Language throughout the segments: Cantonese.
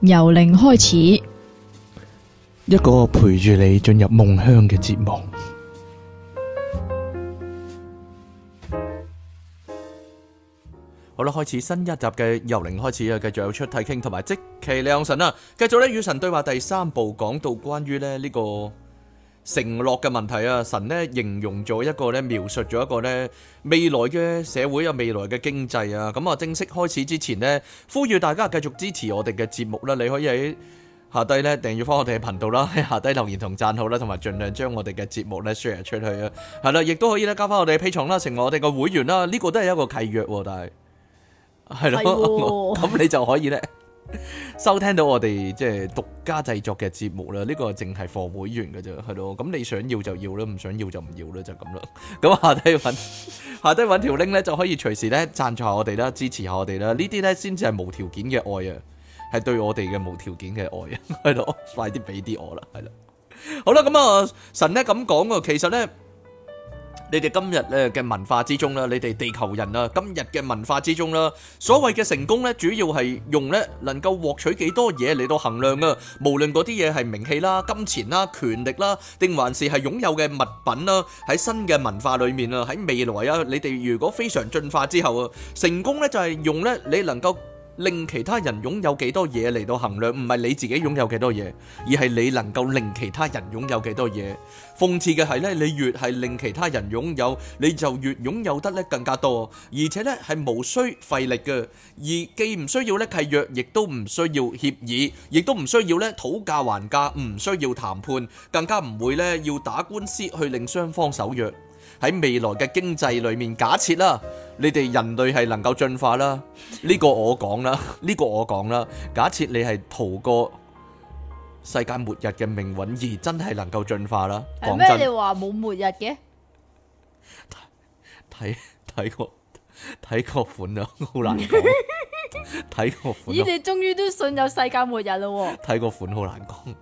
由零開始，一個陪住你進入夢鄉嘅節目。好啦，開始新一集嘅由零開始啊！繼續有出題傾同埋即其亮神啊！繼續咧與神對話第三部，講到關於咧呢個。承諾嘅問題啊，神咧形容咗一個咧，描述咗一個咧未來嘅社會啊，未來嘅經濟啊，咁啊正式開始之前呢，呼籲大家繼續支持我哋嘅節目啦，你可以喺下低咧訂閱翻我哋嘅頻道啦，喺下低留言同贊好啦，同埋盡量將我哋嘅節目咧 share 出去啊，係啦，亦都可以咧交翻我哋嘅 P 寵啦，成為我哋嘅會員啦，呢個都係一個契約喎，但係係咯，咁你就可以咧。收聽到我哋即係獨家製作嘅節目啦，呢、這個淨係服務會員嘅啫，係咯。咁你想要就要啦，唔想要就唔要啦，就咁啦。咁、嗯、下低搵下底搵條 link 咧，就可以隨時咧贊助下我哋啦，支持下我哋啦。呢啲咧先至係無條件嘅愛啊，係對我哋嘅無條件嘅愛啊，係咯， 快啲俾啲我啦，係啦。好啦，咁、嗯、啊，神咧咁講啊，其實咧。你哋今日咧嘅文化之中啦，你哋地球人啊，今日嘅文化之中啦，所謂嘅成功咧，主要係用咧能夠獲取幾多嘢嚟到衡量啊，無論嗰啲嘢係名氣啦、金錢啦、權力啦，定還是係擁有嘅物品啦。喺新嘅文化裏面啊，喺未來啊，你哋如果非常進化之後啊，成功咧就係用咧你能夠。令其他人擁有幾多嘢嚟到衡量，唔係你自己擁有幾多嘢，而係你能夠令其他人擁有幾多嘢。諷刺嘅係咧，你越係令其他人擁有，你就越擁有得咧更加多，而且咧係無需費力嘅，而既唔需要咧契約，亦都唔需要協議，亦都唔需要咧討價還價，唔需要談判，更加唔會咧要打官司去令雙方守約。喺未來嘅經濟裏面，假設啦，你哋人類係能夠進化啦，呢個我講啦，呢個我講啦。假設你係逃過世界末日嘅命運而真係能夠進化啦，講咩你話冇末日嘅？睇睇個睇個款啊，好難講。睇個款。 睇個款你哋終於都信有世界末日啦？睇個款好難講。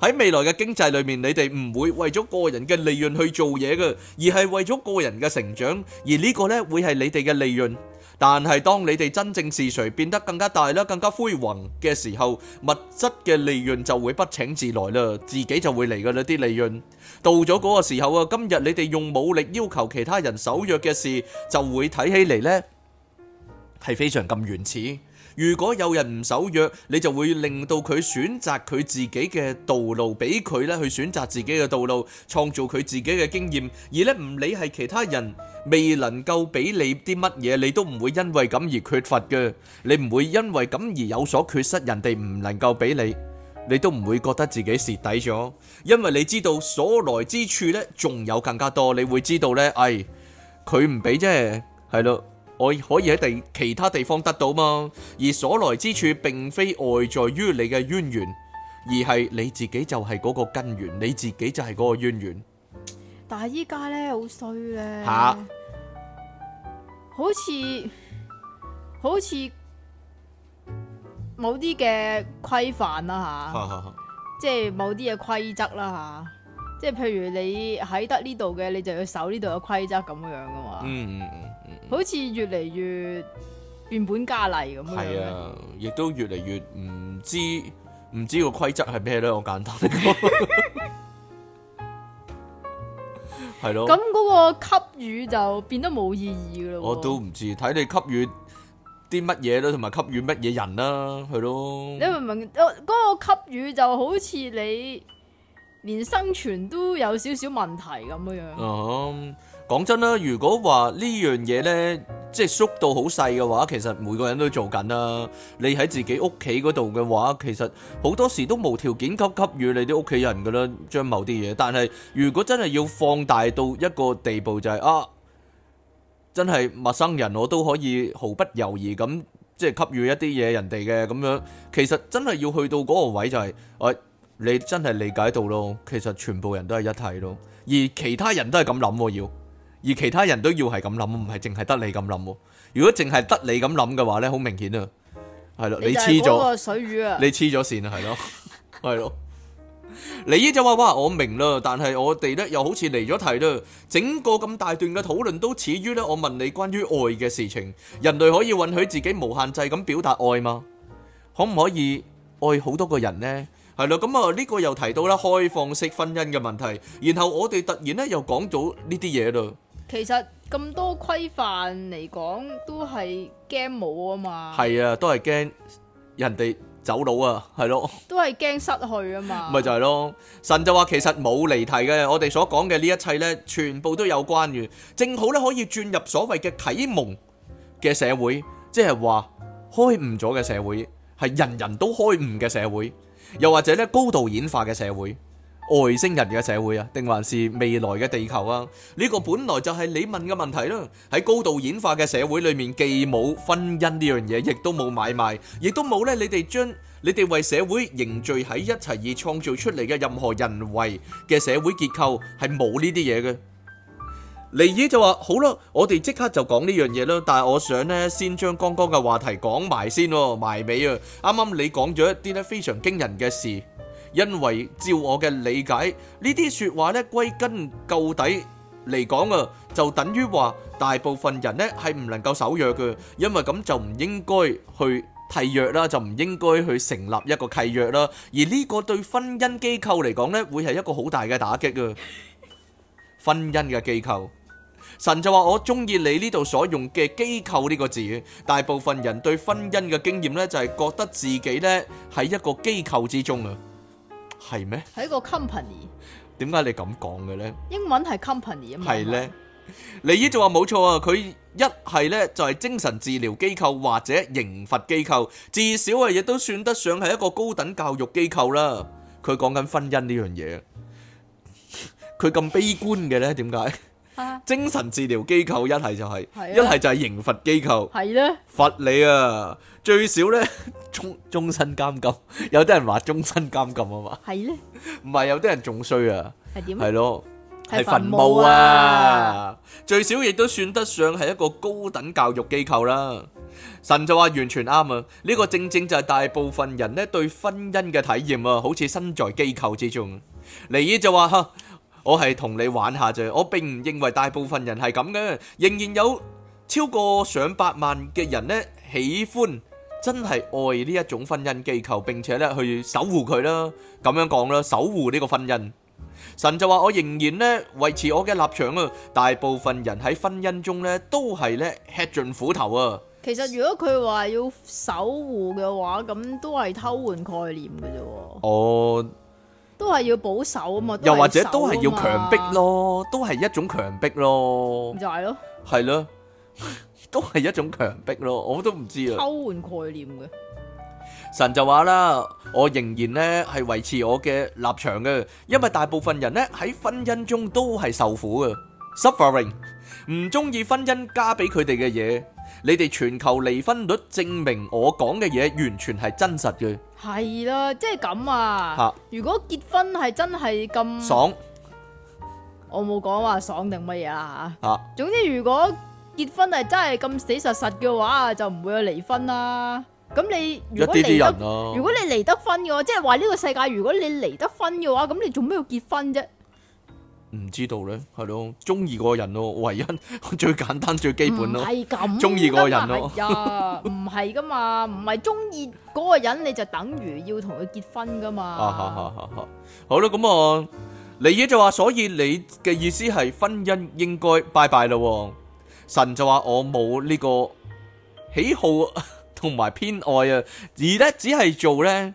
喺未來嘅經濟裏面，你哋唔會為咗個人嘅利潤去做嘢嘅，而係為咗個人嘅成長，而呢個呢會係你哋嘅利潤。但係當你哋真正是誰變得更加大啦，更加輝煌嘅時候，物質嘅利潤就會不請自來啦，自己就會嚟嘅啦啲利潤。到咗嗰個時候啊，今日你哋用武力要求其他人守約嘅事，就會睇起嚟呢係非常咁原始。如果有人唔守約，你就會令到佢選擇佢自己嘅道路，俾佢咧去選擇自己嘅道路，創造佢自己嘅經驗，而咧唔理係其他人未能夠俾你啲乜嘢，你都唔會因為咁而缺乏嘅，你唔會因為咁而有所缺失，人哋唔能夠俾你，你都唔會覺得自己蝕底咗，因為你知道所來之處呢仲有更加多，你會知道呢，唉、哎，佢唔俾啫，係咯。我可以喺地其他地方得到嘛？而所來之處，並非外在於你嘅淵源，而係你自己就係嗰個根源，你自己就係嗰個淵源。但係依家咧，好衰咧、啊，吓、 啊，好似好似某啲嘅規範啦吓，即係某啲嘅規則啦吓，即係譬如你喺得呢度嘅，你就要守呢度嘅規則咁樣樣噶嘛。嗯嗯嗯。好似越嚟越變本加厲咁樣，係啊！亦都越嚟越唔知唔知個規則係咩咧？好簡單，係 咯。咁嗰個給予就變得冇意義咯。我都唔知，睇你給予啲乜嘢啦，同埋給予乜嘢人啦，係咯。你明唔明？嗰、那個給予就好似你連生存都有少少問題咁樣樣。嗯。講真啦，如果話呢樣嘢呢，即係縮到好細嘅話，其實每個人都做緊啦、啊。你喺自己屋企嗰度嘅話，其實好多時都無條件給給予你啲屋企人噶啦，將某啲嘢。但係如果真係要放大到一個地步、就是，就係啊，真係陌生人我都可以毫不猶豫咁，即係給予一啲嘢人哋嘅咁樣。其實真係要去到嗰個位就係、是，誒、啊，你真係理解到咯。其實全部人都係一體咯，而其他人都係咁諗要。而其他人都要係咁諗，唔係淨係得你咁諗。如果淨係得你咁諗嘅話咧，好明顯啊，係咯，你黐咗，你黐咗線係咯，係咯。你姨就話，哇，我明啦，但係我哋咧，又好似離咗題啦。整個咁大段嘅討論都似於咧，我問你關於愛嘅事情，人類可以允許自己無限制咁表達愛嗎？可唔可以愛好多個人咧？係咯，咁啊，呢個又提到啦開放式婚姻嘅問題。然後我哋突然咧又講咗呢啲嘢啦。其實咁多規範嚟講，都係驚冇啊嘛。係啊，都係驚人哋走佬啊，係咯。都係驚失去啊嘛。咪 就係咯，神就話其實冇離題嘅，我哋所講嘅呢一切呢，全部都有關聯，正好呢，可以轉入所謂嘅啟蒙嘅社會，即係話開悟咗嘅社會，係人人都開悟嘅社會，又或者呢高度演化嘅社會。外星人嘅社會啊，定還是未來嘅地球啊？呢個本來就係你問嘅問題啦。喺高度演化嘅社會裏面，既冇婚姻呢樣嘢，亦都冇買賣，亦都冇咧。你哋將你哋為社會凝聚喺一齊而創造出嚟嘅任何人為嘅社會結構，係冇呢啲嘢嘅。尼爾就話：好啦，我哋即刻就講呢樣嘢咯。但係我想咧，先將剛剛嘅話題講埋先，埋尾啊！啱啱你講咗一啲咧非常驚人嘅事。因為照我嘅理解，呢啲說話咧歸根究底嚟講啊，就等於話大部分人咧係唔能夠守約嘅，因為咁就唔應該去契約啦，就唔應該去成立一個契約啦。而呢個對婚姻機構嚟講咧，會係一個好大嘅打擊啊。婚姻嘅機構，神就話我中意你呢度所用嘅機構呢個字啊。大部分人對婚姻嘅經驗咧，就係覺得自己咧喺一個機構之中啊。係咩？係一個 company。點解你咁講嘅呢？英文係 company 啊嘛。係呢？李姨就話冇錯啊。佢一係呢，就係、是、精神治療機構或者刑罰機構，至少啊亦都算得上係一個高等教育機構啦。佢講緊婚姻呢樣嘢，佢咁悲觀嘅呢，點解？精神治療機構，一係就係，一係就係刑罰機構，係咧、就是，罰你啊，最少咧終終身監禁。有啲人話終身監禁啊嘛，係咧呢，唔係有啲人仲衰啊，係點啊？係咯，係墳墓啊，墓啊最少亦都算得上係一個高等教育機構啦。神就話完全啱啊，呢、呢個正正就係大部分人呢對婚姻嘅體驗啊，好似身在機構之中。尼爾就話。我係同你玩下啫，我並唔認為大部分人係咁嘅，仍然有超過上百萬嘅人呢喜歡，真係愛呢一種婚姻機構，並且呢去守護佢啦，咁樣講啦，守護呢個婚姻。神就話我仍然呢維持我嘅立場啊，大部分人喺婚姻中呢都係呢吃盡苦頭啊。其實如果佢話要守護嘅話，咁都係偷換概念嘅啫。哦。都係要保守啊嘛，又或者都係要強逼咯，都係一種強逼咯，就係咯，係咯，都係一種強逼咯，我都唔知啊，偷換概念嘅。神就話啦，我仍然呢係維持我嘅立場嘅，因為大部分人呢喺婚姻中都係受苦嘅，suffering，唔中意婚姻加俾佢哋嘅嘢，你哋全球離婚率證明我講嘅嘢完全係真實嘅。係啦，即係咁啊！哈如果結婚係真係咁爽，我冇講話爽定乜嘢啦吓。哈總之如果結婚係真係咁死實實嘅話，就唔會有離婚啦。咁你如果離得，如果你離得婚嘅話，即係話呢個世界，如果你離得婚嘅話，咁你做咩要結婚啫？唔知道咧，係咯，中意嗰個人咯，唯一最簡單最基本咯，係咁，中意嗰個人咯，唔係噶嘛？唔係中意嗰個人你、啊啊啊啊啊嗯，你就等於要同佢結婚噶嘛。好好好，好啦，咁啊，你呢就話，所以你嘅意思係婚姻應該拜拜啦。神就話我冇呢個喜好同埋偏愛啊，而咧只係做咧。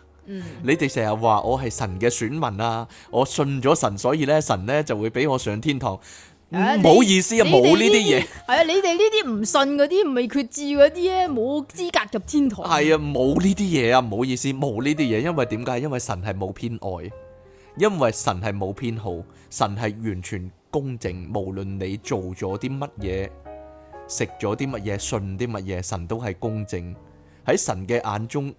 你哋成日話我係神嘅選民啊！我信咗神，所以咧神咧就會俾我上天堂。唔好意思，啊，冇呢啲嘢。係啊，你哋呢啲唔信嗰啲，唔係決志嗰啲咧，冇資格入天堂。係啊，冇呢啲嘢啊，唔好意思，冇呢啲嘢。因為點解？因為神係冇偏愛，因為神係冇偏好，神係完全公正。無論你做咗啲乜嘢，食咗啲乜嘢，信啲乜嘢，神都係公正。喺神嘅眼中。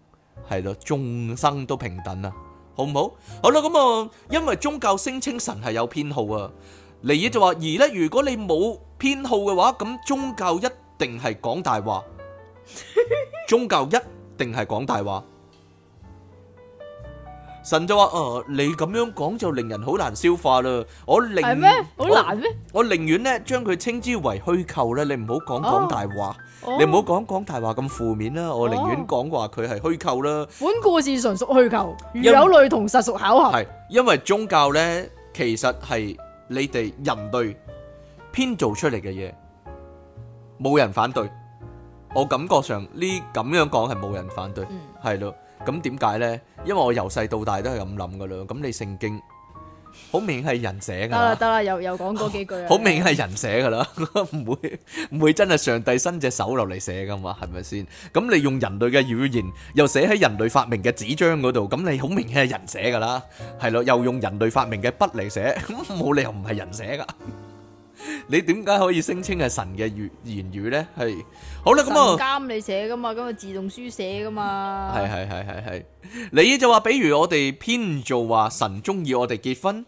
係咯，眾生都平等啦，好唔好？好啦，咁啊，因為宗教聲稱神係有偏好啊，尼耶就話，而咧如果你冇偏好嘅話，咁宗教一定係講大話，宗教一定係講大話。神就話：誒，你咁樣講就令人好難消化啦，我寧，好難咩？我寧願咧將佢稱之為虛構咧，你唔好講講大話。你唔好講講大話咁負面啦，我寧願講話佢係虛構啦。本故事純屬虛構，如有雷同，實屬巧合。係，因為宗教咧，其實係你哋人類編造出嚟嘅嘢，冇人反對。我感覺上呢咁樣講係冇人反對，係咯。咁點解咧？因為我由細到大都係咁諗噶啦。咁你聖經？好明顯係人寫噶，得啦得啦，又又講嗰幾句啊！好明顯係人寫噶啦，唔 會唔會真係上帝伸隻手落嚟寫噶嘛？係咪先？咁你用人類嘅語言又寫喺人類發明嘅紙張嗰度，咁你好明顯係人寫噶啦，係咯？又用人類發明嘅筆嚟寫，冇理由唔係人寫噶。你點解可以聲稱係神嘅言言語呢？係好啦，咁啊，唔監你寫噶嘛，咁啊自動書寫噶嘛。係係係係係，你就話，比如我哋編造話神中意我哋結婚，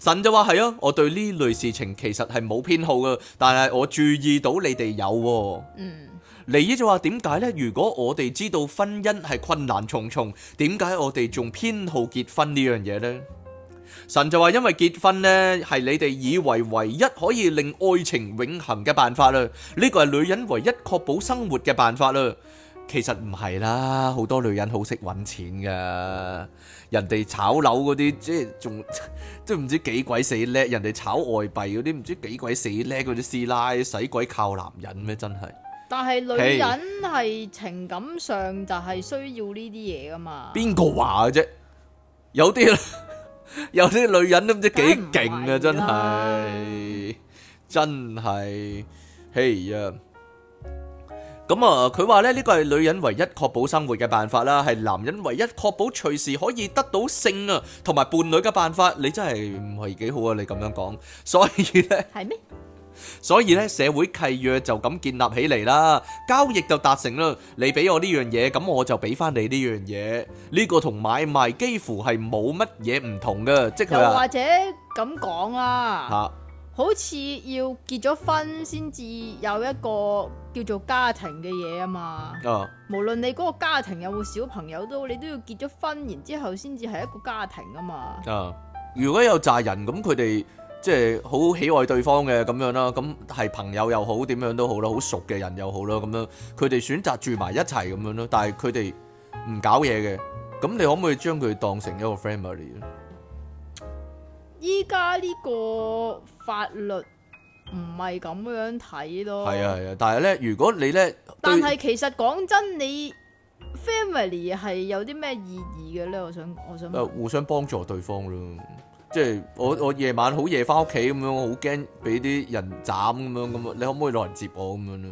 神就話係啊，我對呢類事情其實係冇偏好嘅，但係我注意到你哋有、啊。嗯，你就話點解呢？如果我哋知道婚姻係困難重重，點解我哋仲偏好結婚呢樣嘢呢？神就話，因為結婚呢，係你哋以為唯一可以令愛情永恆嘅辦法啦。呢個係女人唯一確保生活嘅辦法啦。其實唔係啦，好多女人好識揾錢噶，人哋炒樓嗰啲，即係仲即係唔知幾鬼死叻，人哋炒外幣嗰啲，唔知幾鬼死叻嗰啲師奶，使鬼靠男人咩？真係。但係女人係情感上就係需要呢啲嘢噶嘛。邊個話啫？有啲啦。 有啲女人都唔知幾勁啊，真係真係，嘿呀！咁啊，佢話咧呢個係女人唯一確保生活嘅辦法啦，係男人唯一確保隨時可以得到性啊同埋伴侶嘅辦法，你真係唔係幾好啊！你咁樣講，所以咧。係咩？所以咧，社會契約就咁建立起嚟啦，交易就達成啦。你俾我呢樣嘢，咁我就俾翻你呢樣嘢。呢、這個同買賣幾乎係冇乜嘢唔同嘅，即係又或者咁講啊，嚇、啊，好似要結咗婚先至有一個叫做家庭嘅嘢啊嘛。啊，無論你嗰個家庭有冇小朋友都，你都要結咗婚，然之後先至係一個家庭啊嘛。啊，如果有債人咁，佢哋。即係好喜愛對方嘅咁樣啦，咁係朋友又好，點樣都好啦，好熟嘅人又好啦，咁樣佢哋選擇住埋一齊咁樣咯。但係佢哋唔搞嘢嘅，咁你可唔可以將佢當成一個 family 咧？依家呢個法律唔係咁樣睇咯。係啊係啊，但係咧，如果你咧，但係其實講真，你 family 係有啲咩意義嘅咧？我想我想，互相幫助對方咯。即係我我夜晚好夜翻屋企咁樣，我好驚俾啲人斬咁樣咁啊，你可唔可以落嚟接我咁樣咧？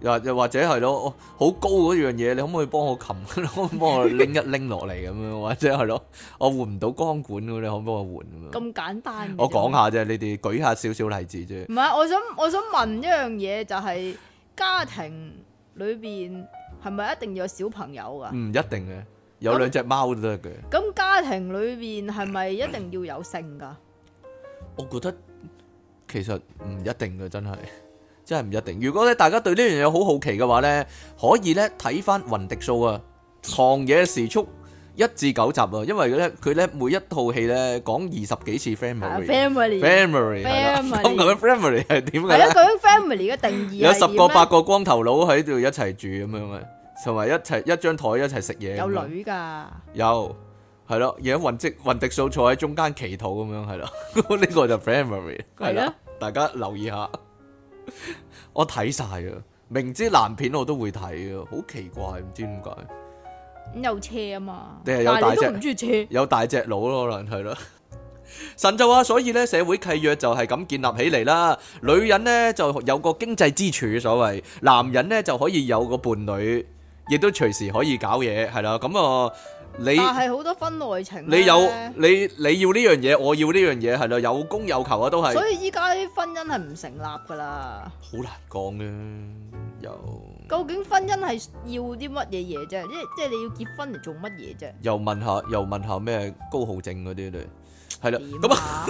又又或者係咯，好高嗰樣嘢，你可唔可以幫我擒，幫我拎一拎落嚟咁樣？或者係咯，我換唔到光管，你可唔可幫我換？咁簡單。我講下啫，你哋舉下少少例子啫。唔係，我想我想問一樣嘢，就係、是、家庭裏邊係咪一定要有小朋友噶？唔一定嘅。有兩隻貓都得嘅。咁家庭裏邊係咪一定要有性噶？我覺得其實唔一定嘅，真係真係唔一定。如果咧大家對呢樣嘢好好奇嘅話咧，可以咧睇翻《雲迪素》啊，《狂野時速》一至九集啊，因為咧佢咧每一套戲咧講二十幾次 family。family family family 係點噶？係咯，講 family 嘅定義有十個八個光頭佬喺度一齊住咁樣啊。同埋一齊一張台一齊食嘢，有女噶，有係咯，而家混積混敵數坐喺中間祈禱咁樣係咯，呢 個就 family 係咯，的大家留意下。 我睇晒啊，明知爛片我都會睇啊，好奇怪唔知點解。咁有車啊嘛，但係都唔中意車，有大隻佬咯，可能係咯。神就話，所以咧社會契約就係咁建立起嚟啦。女人咧就有個經濟支柱所謂，男人咧就可以有個伴侶。亦都隨時可以搞嘢，係啦，咁啊，你係好多婚外情，你有你你要呢樣嘢，我要呢樣嘢，係啦，有供有求啊，都係。所以依家啲婚姻係唔成立噶啦。好難講嘅，又。究竟婚姻係要啲乜嘢嘢啫？即即係你要結婚嚟做乜嘢啫？又問下，又問下咩高號證嗰啲咧？係啦，咁啊。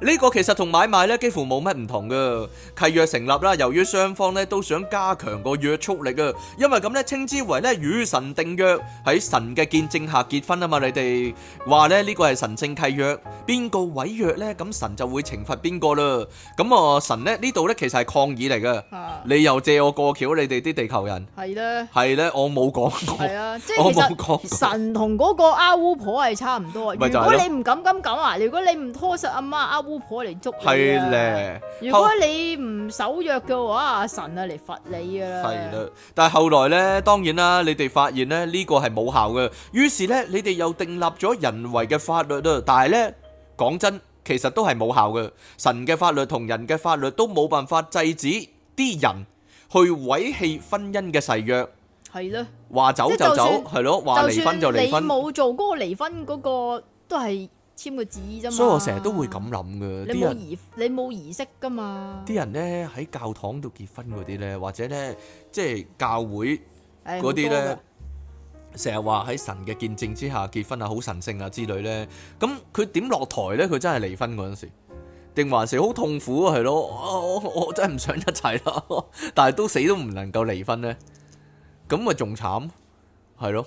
呢個其實同買賣咧幾乎冇乜唔同嘅，契約成立啦。由於雙方咧都想加強個約束力啊，因為咁咧稱之為咧與神訂約，喺神嘅見證下結婚啊嘛。你哋話咧呢個係神聖契約，邊個違約咧，咁神就會懲罰邊個咯。咁啊神咧呢度咧其實係抗議嚟嘅，你又借我過橋，你哋啲地球人係咧係咧，我冇講過，即我冇講神同嗰個阿巫婆係差唔多。如果你唔敢咁講啊，如果你唔拖實阿媽阿巫婆嚟捉係咧，如果你唔守約嘅話，阿神啊嚟罰你啊。係啦，但係後來咧，當然啦，你哋發現咧呢個係冇效嘅，於是咧你哋又訂立咗人為嘅法律啦。但係咧，講真，其實都係冇效嘅。神嘅法律同人嘅法律都冇辦法制止啲人去毀棄婚姻嘅誓約。係咯，話走就走，係咯，話離婚就離婚。冇做嗰個離婚嗰個都係。簽個紙啫嘛！所以我成日都會咁諗㗎。啲人你冇儀，你冇儀式噶嘛？啲人咧喺教堂度結婚嗰啲咧，或者咧即係教會嗰啲咧，成日話喺神嘅見證之下結婚啊，好神聖啊之類咧。咁佢點落台咧？佢真係離婚嗰陣時，定還是好痛苦啊？係咯，我我真係唔想一齊啦，但係都死都唔能夠離婚咧，咁咪仲慘係咯？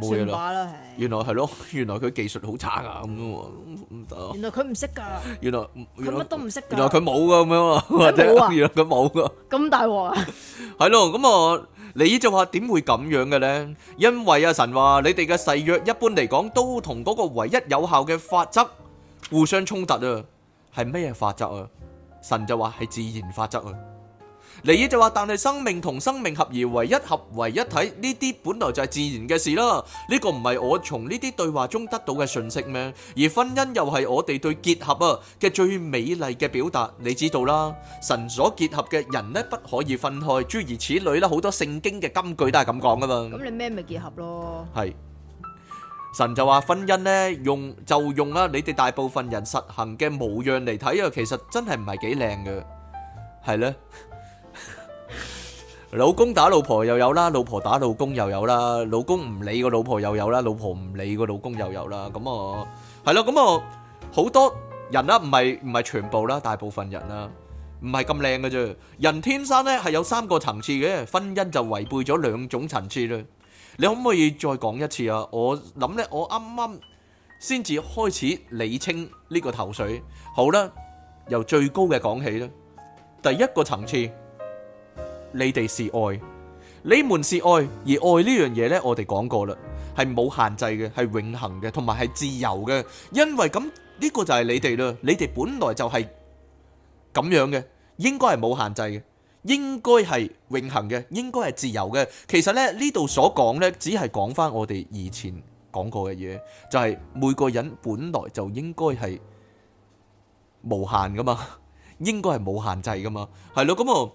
算話啦，原來係咯，原來佢技術好差噶，咁咯，原來佢唔識噶，原來佢乜都唔識噶，原來佢冇噶，咁樣啊，或者佢冇啊，佢冇噶，咁大鑊啊，係咯，咁啊，你依就話點會咁樣嘅咧？因為阿神話你哋嘅誓約一般嚟講都同嗰個唯一有效嘅法則互相衝突啊，係咩嘢法則啊？神就話係自然法則啊。尼爾就話，但係生命同生命合而為一，合為一體呢啲本來就係自然嘅事啦。呢個唔係我從呢啲對話中得到嘅訊息咩？而婚姻又係我哋對結合啊嘅最美麗嘅表達，你知道啦。神所結合嘅人咧，不可以分開。諸如此類啦，好多聖經嘅金句都係咁講噶嘛。咁你咩咪結合咯？係神就話婚姻咧，用就用啦！你哋大部分人實行嘅模樣嚟睇啊，其實真係唔係幾靚嘅，係咧。老公打老婆又有啦，老婆打老公又有啦，老公唔理個老婆又有啦，老婆唔理個老公又有啦，咁啊係啦，咁啊好多人啦，啊，唔係唔係全部啦，大部分人啦，啊，唔係咁靚㗎啫。人天生咧係有三個層次嘅，婚姻就違背咗兩種層次啦。你可唔可以再講一次啊？我諗咧，我啱啱先至開始理清呢個頭緒。好啦，由最高嘅講起啦，第一個層次。你哋是愛，你們是愛，而愛呢樣嘢呢，我哋講過啦，係冇限制嘅，係永恒嘅，同埋係自由嘅。因為咁呢個就係你哋啦，你哋本來就係咁樣嘅，應該係冇限制嘅，應該係永恒嘅，應該係自由嘅。其實呢，呢度所講呢，只係講翻我哋以前講過嘅嘢，就係每個人本來就應該係無限噶嘛，應該係冇限制噶嘛，係咯咁啊。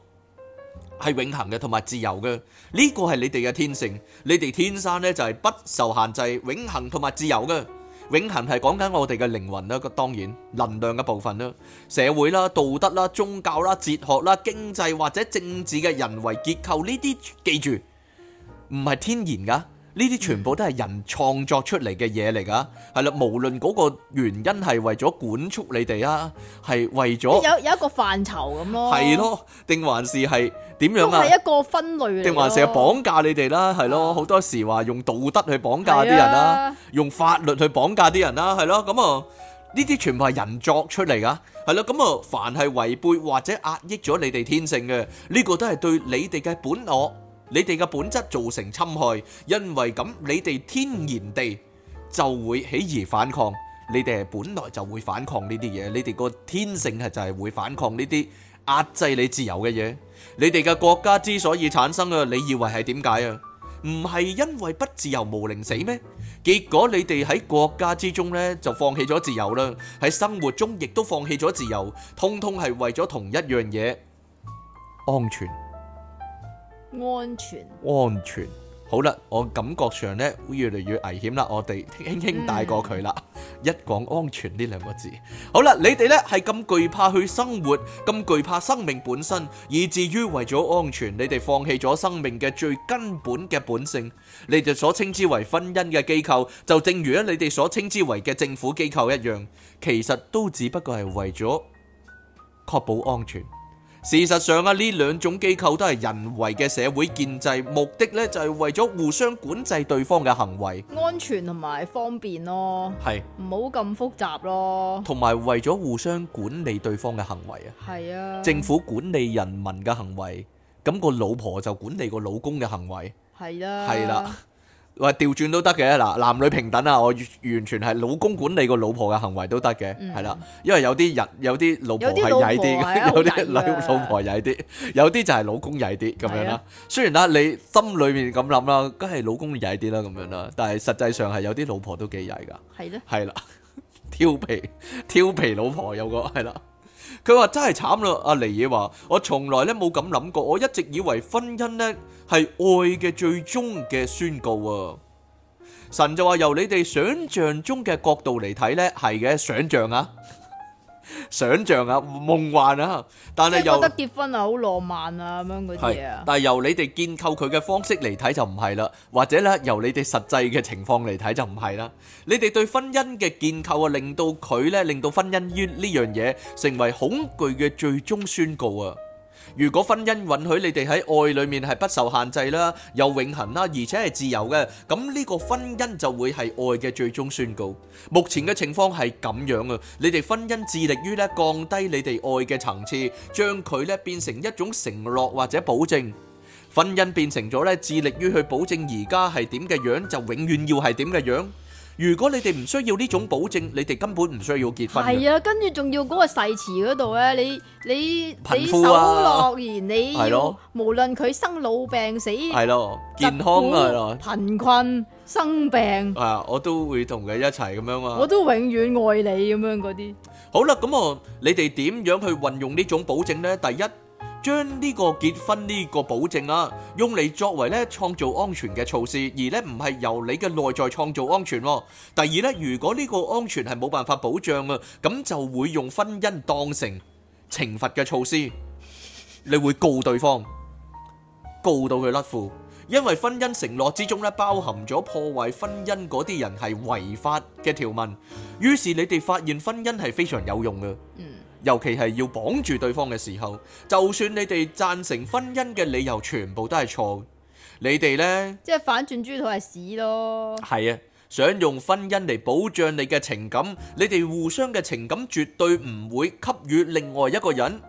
係永恒嘅，同埋自由嘅。呢、這個係你哋嘅天性，你哋天生咧就係不受限制，永恒同埋自由嘅。永恒係講緊我哋嘅靈魂啦，個當然能量嘅部分啦，社會啦、道德啦、宗教啦、哲學啦、經濟或者政治嘅人為結構呢啲，記住唔係天然噶。呢啲全部都係人創作出嚟嘅嘢嚟㗎，係啦，無論嗰個原因係為咗管束你哋啊，係為咗有有一個範疇咁咯，係咯，定還是係點樣啊？都係一個分類嚟，定還是係綁架你哋啦？係咯，好多時話用道德去綁架啲係啊，人啦，用法律去綁架啲人啦，係咯，咁啊，呢啲全部係人作出嚟噶，係咯，咁啊，凡係違背或者壓抑咗你哋天性嘅，呢個都係對你哋嘅本我。你哋嘅本質造成侵害，因為咁你哋天然地就會起而反抗。你哋係本來就會反抗呢啲嘢，你哋個天性係就係會反抗呢啲壓制你自由嘅嘢。你哋嘅國家之所以產生啊，你以為係點解啊？唔係因為不自由毋寧死咩？結果你哋喺國家之中呢就放棄咗自由啦，喺生活中亦都放棄咗自由，通通係為咗同一樣嘢——安全。安全，安全。好啦，我感覺上呢會越嚟越危險啦。我哋輕輕帶過佢啦。一講安全呢兩個字，好啦，你哋呢係咁懼怕去生活，咁懼怕生命本身，以至於為咗安全，你哋放棄咗生命嘅最根本嘅本性。你哋所稱之為婚姻嘅機構，就正如呢你哋所稱之為嘅政府機構一樣，其實都只不過係為咗確保安全。事實上啊，呢兩種機構都係人為嘅社會建制，目的呢就係為咗互相管制對方嘅行為，安全同埋方便咯。係，唔好咁複雜咯，同埋為咗互相管理對方嘅行為啊。係啊，政府管理人民嘅行為，咁個老婆就管理個老公嘅行為。係啦，係啦話調轉都得嘅，嗱，男女平等啊，我完全係老公管理個老婆嘅行為都得嘅，係啦、嗯，因為有啲人，有啲老婆係曳啲，有啲女老婆曳啲， 有啲就係老公曳啲咁樣啦。雖然啦，你心裏面咁諗啦，梗係老公曳啲啦咁樣啦，但係實際上係有啲老婆都幾曳噶，係咧的，係啦，調皮，調皮老婆有個係啦。佢話真係慘啦，阿尼嘢，話我從來咧冇咁諗過，我一直以為婚姻咧係愛嘅最終嘅宣告啊！神就話由你哋想象中嘅角度嚟睇咧，係嘅想象啊！想象啊，夢幻啊，但係又覺得結婚啊，好浪漫啊，咁樣嗰啲嘢，但係由你哋建構佢嘅方式嚟睇就唔係啦，或者咧由你哋實際嘅情況嚟睇就唔係啦。你哋對婚姻嘅建構啊，令到佢咧，令到婚姻呢呢樣嘢成為恐懼嘅最終宣告啊。如果婚姻允許你哋喺愛裏面係不受限制啦，有永恒啦，而且係自由嘅，咁呢個婚姻就會係愛嘅最終宣告。目前嘅情況係咁樣啊，你哋婚姻致力於咧降低你哋愛嘅層次，將佢咧變成一種承諾或者保證，婚姻變成咗咧致力於去保證而家係點嘅樣，就永遠要係點嘅樣。如果你哋唔需要呢種保證，你哋根本唔需要結婚。係啊，跟住仲要嗰個誓詞嗰度咧，你你你守諾言，你無論佢生老病死，係咯，健康啊，係咯，貧困生病，啊，我都會同佢一齊咁樣啊，我都永遠愛你咁樣嗰啲。好啦，咁啊，你哋點樣去運用呢種保證咧？第一。將呢個結婚呢個保證啦，用嚟作為咧創造安全嘅措施，而呢唔係由你嘅內在創造安全。第二呢，如果呢個安全係冇辦法保障嘅，咁就會用婚姻當成懲罰嘅措施，你會告對方，告到佢甩褲，因為婚姻承諾之中呢，包含咗破壞婚姻嗰啲人係違法嘅條文，於是你哋發現婚姻係非常有用嘅。尤其係要綁住對方嘅時候，就算你哋贊成婚姻嘅理由全部都係錯，你哋呢，即係反轉豬肚係屎咯。係啊，想用婚姻嚟保障你嘅情感，你哋互相嘅情感絕對唔會給予另外一個人。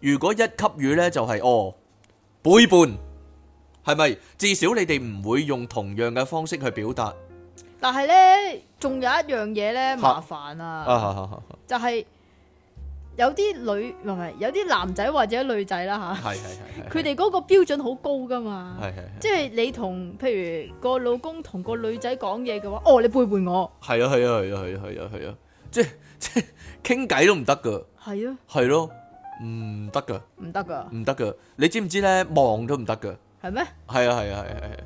如果一給予呢，就係哦背叛，係咪？至少你哋唔會用同樣嘅方式去表達。但係呢，仲有一樣嘢呢，麻煩啊，就係。有啲女唔係有啲男仔或者女仔啦吓，係係係，佢哋嗰個標準好高噶嘛，即係你同譬如個老公同個女仔講嘢嘅話，哦你背叛我，係啊係啊係啊係啊係啊係啊，即係即係傾偈都唔得噶，係啊係咯唔得噶唔得噶唔得噶，你知唔知咧望都唔得噶，係咩嗎？係啊係啊係啊。係啊，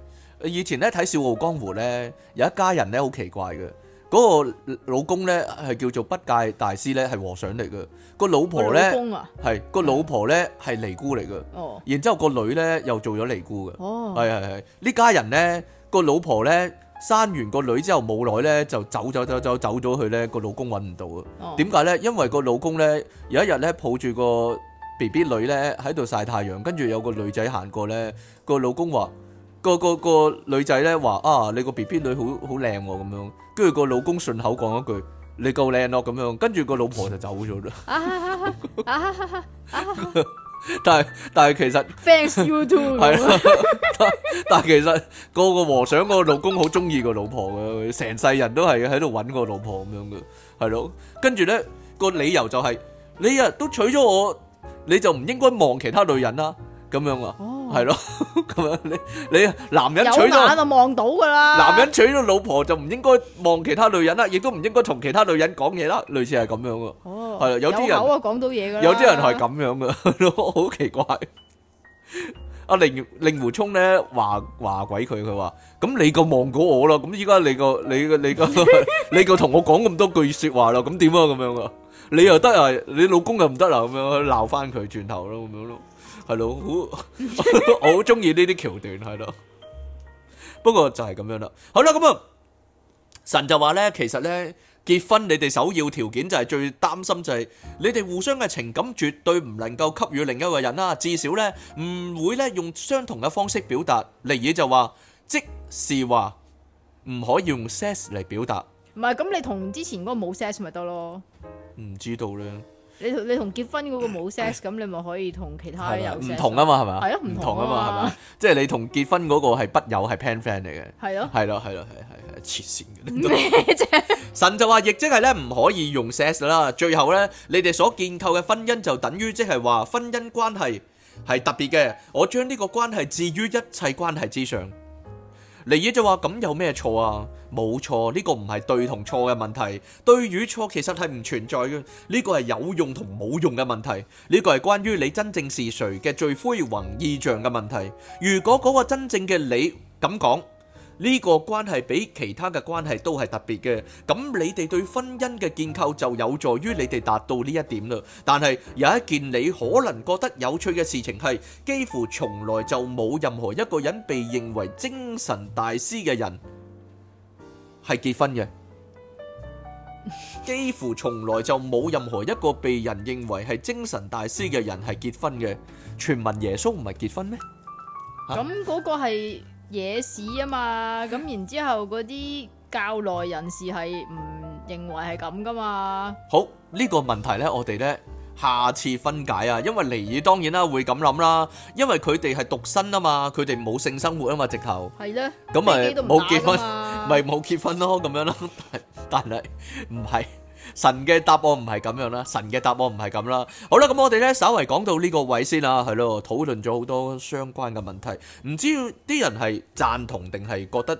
嗯，以前咧睇《笑傲江湖》咧，有一家人咧好奇怪嘅。嗰個老公咧係叫做不戒大師咧，係和尚嚟嘅。個老婆咧係個老婆咧係尼姑嚟嘅。哦。然之後個女咧又做咗尼姑嘅。哦。係係係。呢家人咧個老婆咧生完個女之後冇耐咧就走走走走走咗去咧，個老公揾唔到啊。哦。點解咧？因為個老公咧有一日咧抱住個 B B 女咧喺度晒太陽，跟住有個女仔行過咧，個老公話：個個個女仔咧話啊，你個 B B 女好好靚喎咁樣。跟住個老公順口講一句：你夠靚咯咁樣，跟住個老婆就走咗啦。但係但係其實，Thanks you too 係咯，但係其實個個和尚個老公好中意個老婆噶，成世人都係喺度揾個老婆咁樣噶，係咯。跟住咧個理由就係、是、你啊都娶咗我，你就唔應該望其他女人啦。咁樣啊，係咯，咁樣你你男人娶咗，有眼就望到噶啦。男人娶咗老婆就唔應該望其他女人啦，亦都唔應該同其他女人講嘢啦，類似係咁樣噶。哦，係啦，有啲人有口啊講到嘢噶啦。有啲人係咁樣噶，好奇怪。阿令令狐沖咧話話鬼佢，佢話，咁你個望過我咯，咁依家你個你個你個你個同我講咁多句說話咯，咁點啊咁樣啊？你又得啊？你老公又唔得啊？咁樣鬧翻佢轉頭咯咁樣咯。係咯，好，我好中意呢啲橋段，係咯。 不過就係咁樣啦。好啦，咁、嗯、啊，神就話呢，其實呢，結婚你哋首要條件就係最擔心就係你哋互相嘅情感絕對唔能夠給予另一個人啦，至少呢，唔會呢用相同嘅方式表達，例如就話，即是話唔可以用 sex 嚟表達。唔係，咁你同之前嗰個冇 sex 咪得咯？唔知道咧。你同你同結婚嗰個冇 sex，咁唉你咪可以同其他有？唔同啊嘛，係咪啊？係啊、哎，唔同啊嘛，係咪？即係你同結婚嗰個係筆友，係 pen friend 嚟嘅。係咯。係咯的，係咯，係係係，黐線嘅。神，神就話：亦即係咧，唔可以用 sex 啦。最後咧，你哋所建構嘅婚姻就等於即係話婚姻關係係特別嘅。我將呢個關係置於一切關係之上。尼爾就話，咁有咩錯啊？冇錯，呢個唔係對同錯嘅問題，對與錯其實係唔存在嘅。呢個係有用同冇用嘅問題，呢個係關於你真正是誰嘅最輝煌意象嘅問題。如果嗰個真正嘅你咁講。呢個關係比其他嘅關係都係特別嘅，咁你哋對婚姻嘅建構就有助於你哋達到呢一點啦。但係有一件你可能覺得有趣嘅事情係，幾乎從來就冇任何一個人被認為精神大師嘅人係結婚嘅。幾乎從來就冇任何一個被人認為係精神大師嘅人係結婚嘅。傳聞耶穌唔係結婚咩？咁嗰個係？野史啊嘛，咁然之後嗰啲教內人士係唔認為係咁噶嘛？好，呢個問題咧，我哋咧下次分解啊，因為尼爾當然啦會咁諗啦，因為佢哋係獨身啊嘛，佢哋冇性生活啊嘛，直頭係咧，咁咪冇結婚，咪冇結婚咯，咁樣咯，但係唔係。神嘅答案唔係咁樣啦，神嘅答案唔係咁啦。好啦，咁我哋咧稍為講到呢個位先啦，係咯，討論咗好多相關嘅問題。唔知啲人係贊同定係覺得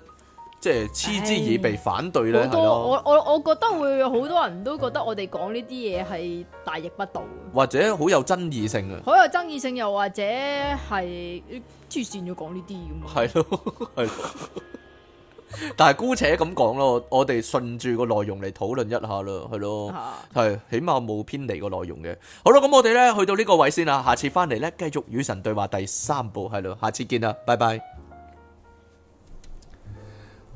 即係嗤之以鼻反對咧？好、哎、的多我我我覺得會有好多人都覺得我哋講呢啲嘢係大逆不道或者好有爭議性嘅，好有爭議性又或者係黐線要講呢啲咁啊？係咯，係。 但係姑且咁講咯，我哋順住個內容嚟討論一下啦，係咯，係 起碼冇偏離個內容嘅。好啦，咁我哋咧去到呢個位先啦，下次翻嚟咧繼續與神對話第三部，係咯，下次見啦，拜拜。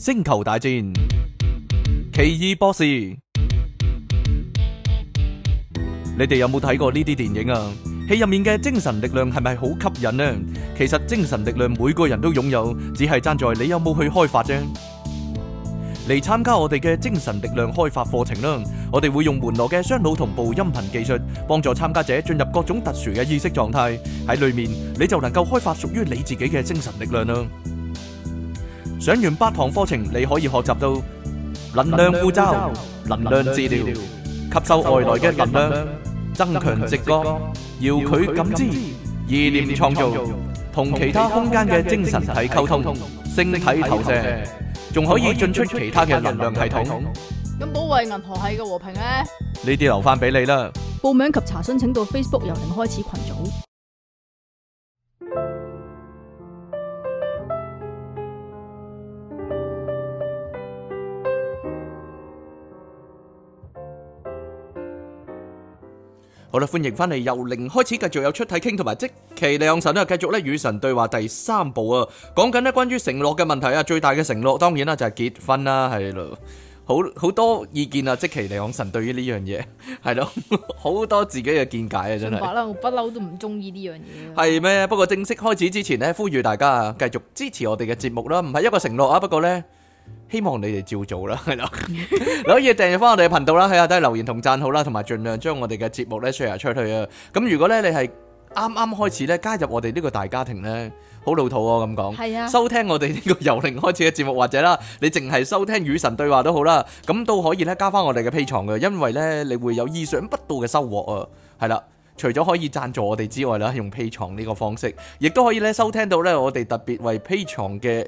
星球大戰、奇異博士，你哋有冇睇過呢啲電影啊？戲入面嘅精神力量係咪好吸引呢？其實精神力量每個人都擁有，只係站在你有冇去開發啫。嚟參加我哋嘅精神力量開發課程啦！我哋會用門羅嘅雙腦同步音頻技術，幫助參加者進入各種特殊嘅意識狀態。喺裏面你就能夠開發屬於你自己嘅精神力量啦。上完八堂課程，你可以學習到能量護罩、能量治療、吸收外來嘅能量、增強直覺、遙距感知、意念創造、同其他空間嘅精神體溝通、星體投射，仲可以進出其他嘅能量系統。咁保衛銀河系嘅和平咧？呢啲留翻俾你啦。報名及查詢請到 Facebook 由零開始群組。好啦，歡迎翻嚟由零開始，繼續有出體傾，同埋即係嚟講神咧，繼續咧與神對話第三部啊，講緊咧關於承諾嘅問題啊，最大嘅承諾當然啦就係結婚啦，係咯，好好多意見啊，即係嚟講神對於呢樣嘢係咯，好多自己嘅見解啊，真係。我不嬲都唔中意呢樣嘢。係咩？不過正式開始之前咧，呼籲大家啊，繼續支持我哋嘅節目啦，唔係一個承諾啊，不過咧。希望你哋照做啦，係咯，可以訂閱翻我哋嘅頻道啦，喺下底留言同讚好啦，同埋盡量將我哋嘅節目咧 share 出去啊。咁如果咧你係啱啱開始咧加入我哋呢個大家庭咧，好老土、哦、啊。咁講，係啊，收聽我哋呢個由零開始嘅節目或者啦，你淨係收聽與神對話都好啦，咁都可以咧加翻我哋嘅 P 床嘅，因為咧你會有意想不到嘅收穫啊，係啦，除咗可以贊助我哋之外啦，用 P 床呢個方式，亦都可以咧收聽到咧我哋特別為 P 床嘅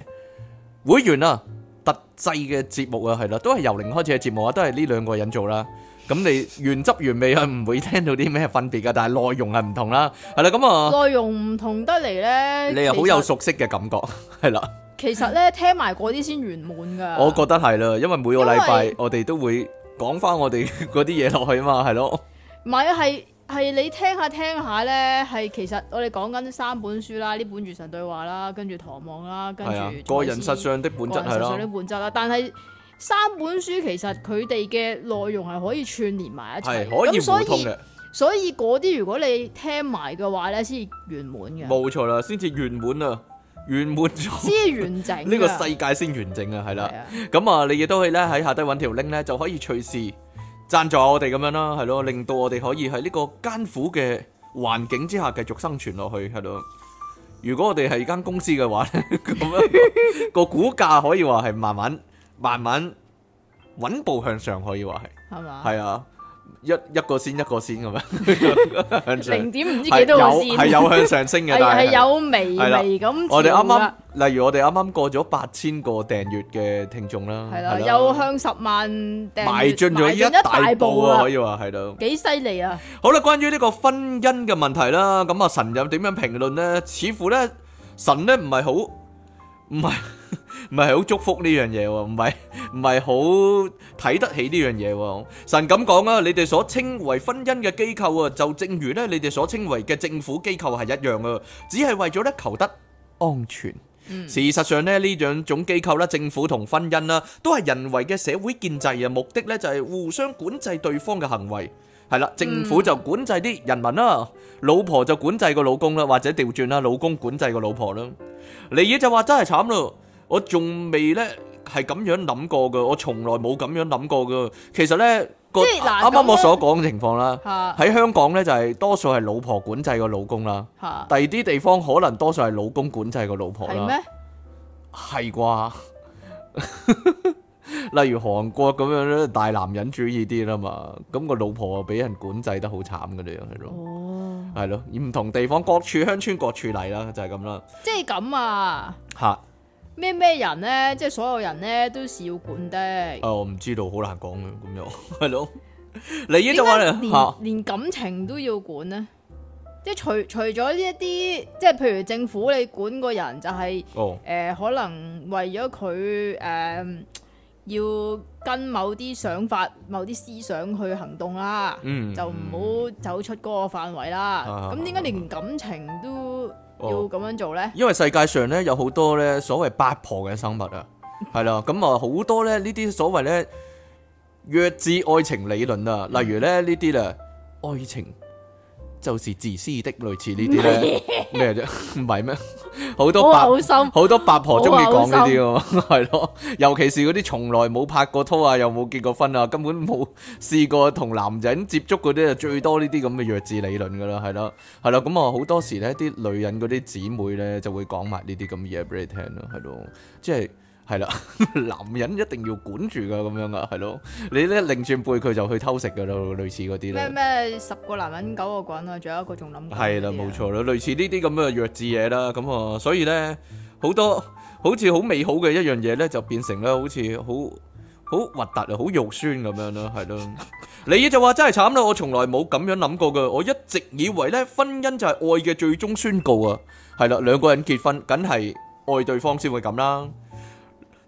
會員啊。特製嘅節目啊，係啦，都係由零開始嘅節目啊，都係呢兩個人做啦。咁你原汁原味係唔會聽到啲咩分別噶，但係內容係唔同啦，係啦，咁、嗯、啊，內容唔同得嚟咧，你又好有熟悉嘅感覺，係啦。其實咧，聽埋嗰啲先圓滿噶。 我覺得係啦，因為每個禮拜我哋都會講翻我哋嗰啲嘢落去啊嘛，係咯。唔係。係你聽下聽下咧，係其實我哋講緊三本書啦，呢本《與神對話》啦，跟住《唐望》啦，跟住《個人實相的本質》係啦。的但係三本書其實佢哋嘅內容係可以串聯埋一齊，係可以通嘅，咁所以所以嗰啲如果你聽埋嘅話咧，先至圓滿嘅。冇錯啦，先至圓滿啊，圓滿咗先完整。呢個世界先完整啊，係啦的。咁啊，你亦都可以咧喺下低揾條 link 咧，就可以隨時贊助我哋咁樣咯，係咯，令到我哋可以喺呢個艱苦嘅環境之下繼續生存落去係咯。如果我哋係間公司嘅話咧，咁 樣，個股價可以話係慢慢、慢慢穩步向上，可以話係，係嘛？係啊吧。一一個先一個先咁樣，零點唔知幾多個字係有向上升嘅，但係係有微微咁。我哋啱啱例如我哋啱啱過咗八千個訂閲嘅聽眾啦，係啦，又向十萬訂閲，邁進咗一大步啊，可以話係咯，幾犀利啊！好啦，關於呢個婚姻嘅問題啦，咁啊神又點樣評論咧？似乎咧神咧唔係好唔係。唔係好祝福呢樣嘢喎，唔係，唔係好睇得起呢樣嘢喎。神咁講啊，你哋所稱為婚姻嘅機構啊，就正如咧你哋所稱為嘅政府機構係一樣啊，只係為咗咧求得安全。事實上咧呢兩種機構咧，政府同婚姻啦，都係人為嘅社會建制啊，目的咧就係互相管制對方嘅行為。係啦，政府就管制啲人民啦，老婆就管制個老公啦，或者調轉啦，老公管制個老婆啦。嚟嘢就話真係慘咯。我仲未呢，係咁樣諗過噶，我從來冇咁樣諗過噶。其實呢，個啱啱難道、啊、我所講嘅情況啦，喺的香港呢，就係、是、多數係老婆管制個老公啦，第二啲地方可能多數係老公管制個老婆啦，係咩嗎？係啩是吧？ 例如韓國咁樣咧，大男人主義啲啦嘛，咁個老婆俾人管制得好慘噶，咋樣係咯？哦，係咯，而唔同地方各處鄉村各處嚟啦，就係咁啦。即係咁啊！吓。 咩咩人呢？即係所有人呢，都是要管的。誒、哦，我唔知道，好難講咁樣，係 咯？ 你依家連連感情都要管呢？即係除除咗呢一啲，即係譬如政府你管個人，就是，就係哦、呃，可能為咗佢誒，要跟某啲想法、某啲思想去行動啦。嗯、就唔好走出嗰個範圍啦。咁點解連感情都？Oh, 要咁樣做呢？因為世界上呢，有好多呢所謂八婆嘅生物啊，係啦， 咁啊好多呢呢啲所謂呢，弱智愛情理論啊，例如呢呢啲啊愛情就是自私的，類似呢啲呢，咩啫不是？唔係咩？ 好多八好多八婆中意講呢啲啊，係咯， 尤其是嗰啲從來冇拍過拖啊，又冇結過婚啊，根本冇試過同男人接觸嗰啲啊，最多呢啲咁嘅弱智理論噶啦，係咯，係咯，咁啊好多時咧，啲女人嗰啲姊妹咧就會講埋呢啲咁嘅嘢俾你聽咯，係咯，即係。係啦，男人一定要管住噶，咁樣噶係咯。你咧擰轉背佢就去偷食噶啦，類似嗰啲咧咩咩十個男人九個滾啊，仲有一個仲諗係啦，冇錯啦，類似呢啲咁嘅弱智嘢啦。咁啊，所以咧好多好似好美好嘅一樣嘢咧，就變成咧好似好好核突啊，好肉酸咁樣啦，係咯。你就話真係慘啦，我從來冇咁樣諗過噶，我一直以為咧婚姻就係愛嘅最終宣告啊。係啦，兩個人結婚梗係愛對方先會咁啦。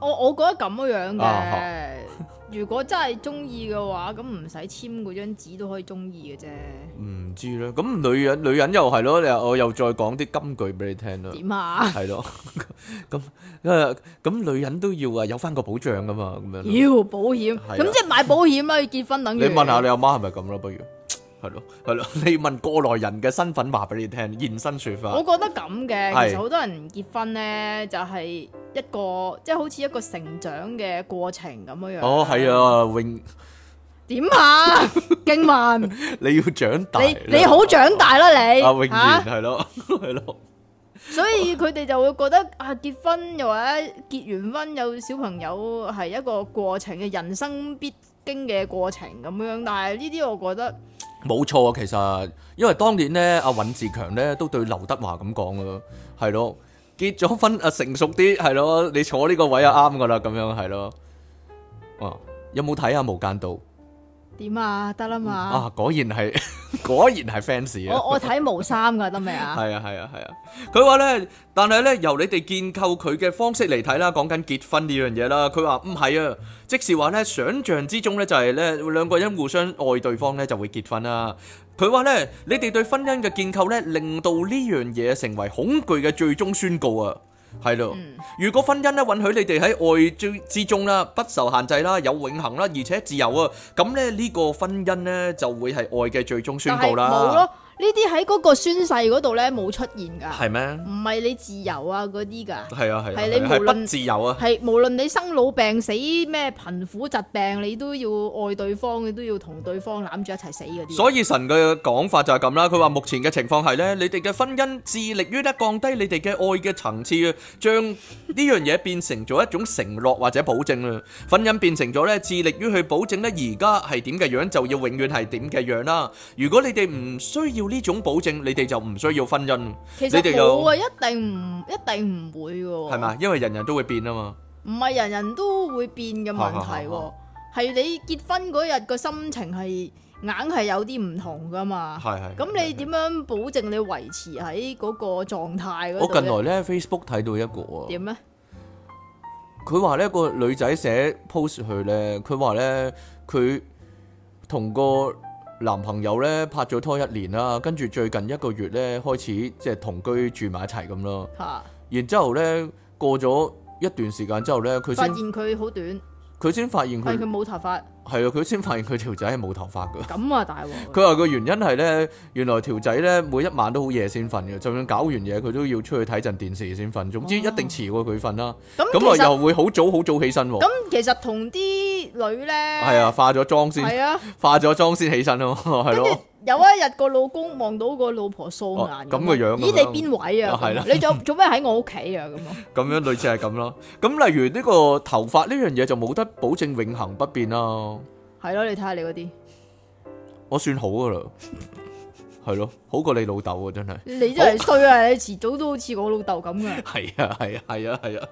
我我覺得咁樣嘅，如果真係中意嘅話，咁唔使簽嗰張紙都可以中意嘅啫。唔知咧，咁女人女人又係咯，我又再講啲金句俾你聽啦。點啊？係咯，咁誒，咁女人都要啊有翻個保障噶嘛，咁樣。要保險，咁即係買保險啦，結婚等於。你問下你阿媽係咪咁咯，不如。係咯，係咯。你問過來人嘅身份話俾你聽，現身說法。我覺得咁嘅，其實好多人結婚咧，就係一個即係好似一個成長嘅過程咁樣樣。哦，係啊，永點慢，勁慢。你要長大，你你好長大啦，你啊，永遠係咯，係咯。所以佢哋就會覺得啊，結婚又或者結完婚有小朋友係一個過程嘅人生必經嘅過程咁樣。但係呢啲，我覺得。冇錯啊，其實因為當年咧，阿尹志強咧都對劉德華咁講咯，係咯，結咗婚啊成熟啲，係咯，你坐呢個位啊啱噶啦，咁樣係咯，哦，有冇睇啊《無間道》？點啊？得啦嘛！啊，果然係，果然係 fans 啊！我我睇毛衫噶得未啊？係啊，係啊，係啊！佢話咧，但係咧，由你哋建構佢嘅方式嚟睇啦，講緊結婚呢樣嘢啦。佢話唔係啊，即是話咧，想像之中咧就係咧兩個人互相愛對方咧就會結婚啦，啊。佢話咧，你哋對婚姻嘅建構咧，令到呢樣嘢成為恐懼嘅最終宣告啊！係咯，如果婚姻咧允許你哋喺愛之中啦，不受限制啦，有永恒啦，而且自由啊，咁咧呢個婚姻咧就會係愛嘅最終宣告啦。呢啲喺嗰個宣誓嗰度呢，冇出現噶，係咩嗎？唔係你自由啊，嗰啲噶，係啊係，係、啊、你無論自由啊，係無論你生老病死咩貧苦疾病，你都要愛對方，你都要同對方攬住一齊死嗰啲。所以神嘅講法就係咁啦，佢話目前嘅情況係呢：你哋嘅婚姻致力於咧降低你哋嘅愛嘅層次啊，將呢樣嘢變成咗一種承諾或者保證啊， 婚姻變成咗呢，致力於去保證呢而家係點嘅樣，就要永遠係點嘅樣啦。如果你哋唔需要。呢種保證，你哋就唔需要婚姻。其實冇啊，一定唔一定唔會嘅。係嘛？因為人人都會變啊嘛。唔係人人都會變嘅問題，係你結婚嗰日個心情係硬係有啲唔同噶嘛。係係。咁你點樣保證你維持喺嗰個狀態嗰？我近來咧 Facebook 睇到一個。點咧？佢話咧個女仔寫 post 去咧，佢話咧佢同個男朋友咧拍咗拖一年啦，跟住最近一個月咧開始，即係同居住埋一齊咁咯。吓，然之後咧過咗一段時間之後咧，佢先發現佢好短。佢先發現佢。係佢冇頭髮。係啊，佢先發現佢條仔係冇頭髮㗎。咁啊，大鑊！佢話個原因係咧，原來條仔咧每一晚都好夜先瞓嘅，就算搞完嘢佢都要出去睇陣電視先瞓，總之一定遲過佢瞓啦。咁啊、哦，又會好早好早起身喎。咁其實同啲女咧，係啊，化咗妝先，係啊的，化咗妝先起身咯，係 咯的。有一日個老公望到個老婆素顏，哦、咁嘅樣，咦，你邊位啊？哦、你做做咩喺我屋企啊？咁 樣類似係咁咯。咁例如呢個頭髮呢樣嘢就冇得保證永恆不變啦。係咯，你睇下你嗰啲，我算好噶啦，係咯，好過你老豆啊，真係。你真係衰啊！好你遲早都好似我老豆咁噶。係啊！係啊！係啊！係啊！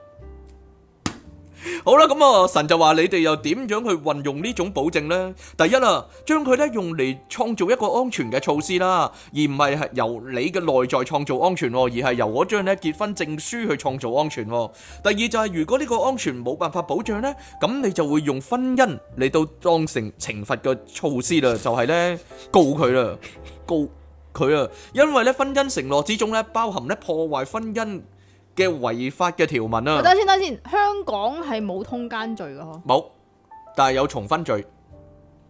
好啦，咁、嗯、啊，神就話你哋又點樣去運用呢種保證呢？第一啊，將佢咧用嚟創造一個安全嘅措施啦，而唔係係由你嘅內在創造安全，而係由我將呢張結婚證書去創造安全。第二就係、是、如果呢個安全冇辦法保障呢，咁你就會用婚姻嚟到當成懲罰嘅措施啦，就係、是、呢：告佢啦，告佢啊，因為咧婚姻承諾之中咧包含咧破壞婚姻嘅違法嘅條文啊，等先，等先，香港係冇通姦罪噶嗬，冇，但係有重婚罪，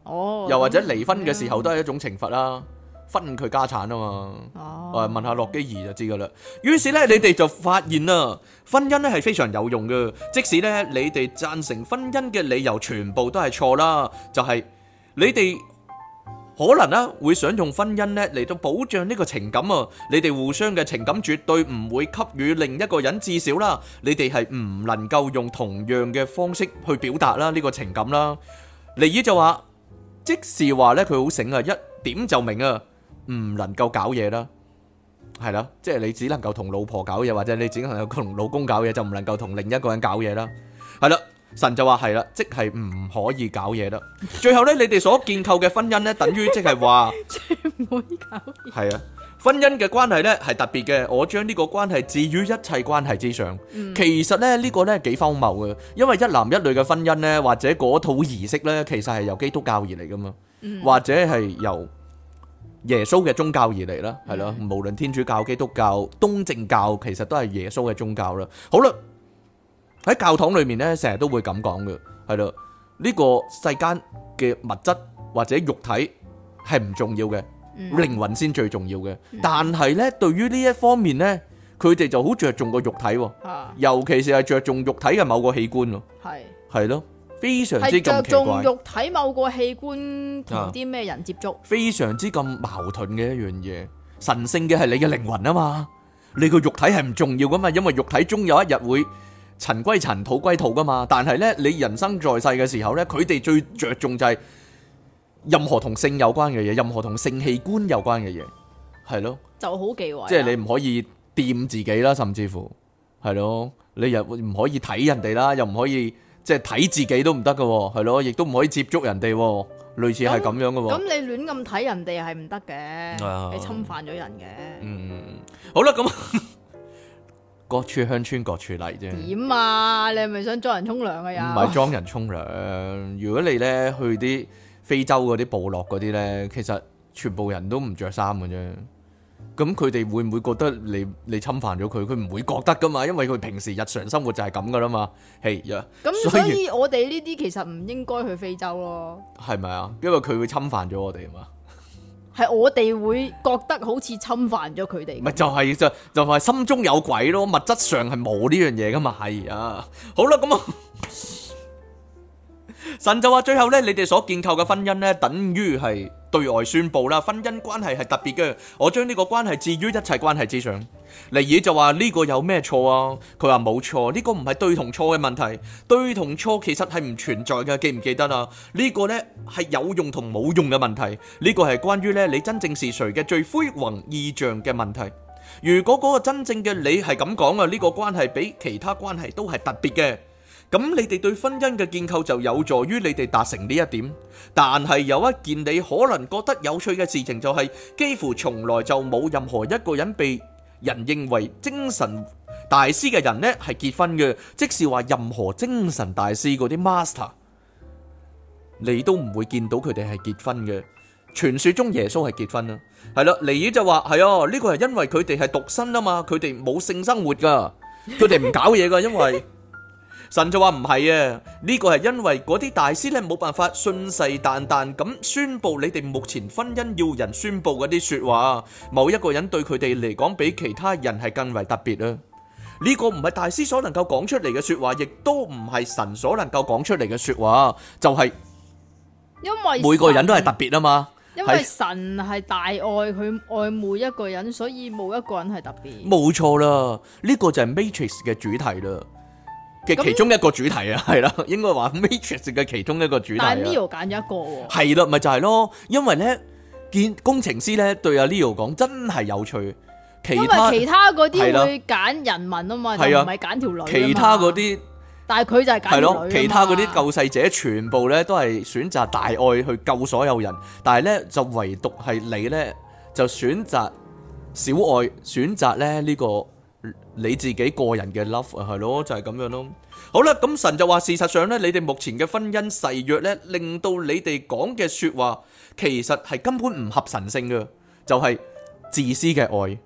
哦，oh, 又或者離婚嘅時候都係一種懲罰啦，oh. 分佢家產啊嘛，哦，誒，問下洛基兒就知噶啦，於是咧，oh. 你哋就發現啦，婚姻咧係非常有用噶，即使咧你哋贊成婚姻嘅理由全部都係錯啦，就係、是、你哋。可能咧會想用婚姻咧嚟到保障呢個情感啊，你哋互相嘅情感絕對唔會給予另一個人，至少啦，你哋係唔能夠用同樣嘅方式去表達啦呢個情感啦。尼爾就話，即係話咧佢好醒啊，一點就明啊，唔能夠搞嘢啦，係啦，即係你只能夠同老婆搞嘢，或者你只能夠同老公搞嘢，就唔能夠同另一個人搞嘢啦，係啦。神就話係啦，即係唔可以搞嘢嘞。最後咧，你哋所建構嘅婚姻咧，等於即係話絕唔搞嘢。係啊，婚姻嘅關係咧係特別嘅。我將呢個關係置於一切關係之上。其實咧呢個咧幾荒謬嘅，因為一男一女嘅婚姻咧或者嗰套儀式咧，其實係由基督教而嚟噶嘛，或者係由耶穌嘅宗教而嚟啦，係咯。無論天主教、基督教、東正教，其實都係耶穌嘅宗教啦。好啦。喺教堂裏面咧，成日都會咁講嘅，係啦，呢個世間嘅物質或者肉體係唔重要嘅，靈魂先最重要嘅。但係咧，對於呢一方面咧，佢哋就好着重個肉體，尤其是係着重肉體嘅某個器官咯。係係咯，非常之着重肉體某個器官同啲咩人接觸，非常之咁矛盾嘅一樣嘢。神聖嘅係你嘅靈魂啊嘛，你個肉體係唔重要噶嘛，因為肉體終有一日會。塵歸塵，土歸土噶嘛。但係咧，你人生在世嘅時候咧，佢哋最着重就係任何同性有關嘅嘢，任何同性器官有關嘅嘢，係咯，就好忌諱啊。即係你唔可以掂自己啦，甚至乎係咯，你又唔可以睇人哋啦，又唔可以即係睇自己都唔得噶，係咯，亦都唔可以接觸人哋，類似係咁樣嘅。咁你亂咁睇人哋係唔得嘅，你、哎、呦侵犯咗人嘅。嗯，好啦，咁。 各處鄉村各處例啫。點啊？你係咪想裝人沖涼啊？呀！唔係裝人沖涼。如果你呢去啲非洲嗰啲部落嗰啲呢，其實全部人都唔着衫嘅啫。咁佢哋會唔會覺得你你侵犯咗佢？佢唔會覺得噶嘛，因為佢平時日常生活就係咁噶啦嘛。係呀。咁所以，所以我哋呢啲其實唔應該去非洲咯。係咪啊？因為佢會侵犯咗我哋嘛。係我哋會覺得好似侵犯咗佢哋，咪就係、係、就就係、係心中有鬼咯，物質上係冇呢樣嘢噶嘛，係啊，好啦，咁啊。神就話最後咧，你哋所建構嘅婚姻咧，等於係對外宣布啦。婚姻關係係特別嘅，我將呢個關係置於一切關係之上。尼爾就話呢個有咩錯啊？佢話冇錯，呢個唔係對同錯嘅問題，對同錯其實係唔存在嘅，記唔記得啊？呢個呢係有用同冇用嘅問題，呢個係關於呢，你真正是誰嘅最輝煌意象嘅問題。如果嗰個真正嘅你係咁講啊，呢個關係比其他關係都係特別嘅。咁你哋對婚姻嘅建構就有助於你哋達成呢一點。但係有一件你可能覺得有趣嘅事情就係，幾乎從來就冇任何一個人被人認為精神大師嘅人咧係結婚嘅。即係話任何精神大師嗰啲 master，你都唔會見到佢哋係結婚嘅。傳說中耶穌係結婚啦，係啦，尼爾就話係哦，呢個係因為佢哋係獨身啊嘛，佢哋冇性生活噶，佢哋唔搞嘢噶，因為。神就話唔係啊，呢個係因為嗰啲大師咧冇辦法信誓旦旦咁宣佈你哋目前婚姻要人宣佈嗰啲說話，某一個人對佢哋嚟講比其他人係更為特別啊！呢個唔係大師所能夠講出嚟嘅說話，亦都唔係神所能夠講出嚟嘅說話，就係因為每個人都係特別啊嘛，因為神係大愛，佢愛每一個人，所以冇一個人係特別。冇錯啦，呢個就係 Matrix 嘅主題啦。嘅其中一個主題啊，係啦那，應該話 Matrix 嘅其中一個主題。但係 Leo 揀咗一個喎。係啦、哦，咪就係、是、咯，因為咧，見工程師咧對阿 Leo 講真係有趣。其因為其他嗰啲佢揀人民啊嘛，啊的，唔係揀條女。其他嗰啲，但係佢就係揀，係咯，其他嗰啲救世者全部咧都係選擇大愛去救所有人，但係咧就唯獨係你咧就選擇小愛，選擇咧呢、這個。你自己個人嘅 love 係咯，就係、是、咁樣咯。好啦，咁、嗯、神就話，事實上呢，你哋目前嘅婚姻誓約呢，令到你哋講嘅說話，其實係根本唔合神聖嘅，就係、是、自私嘅愛。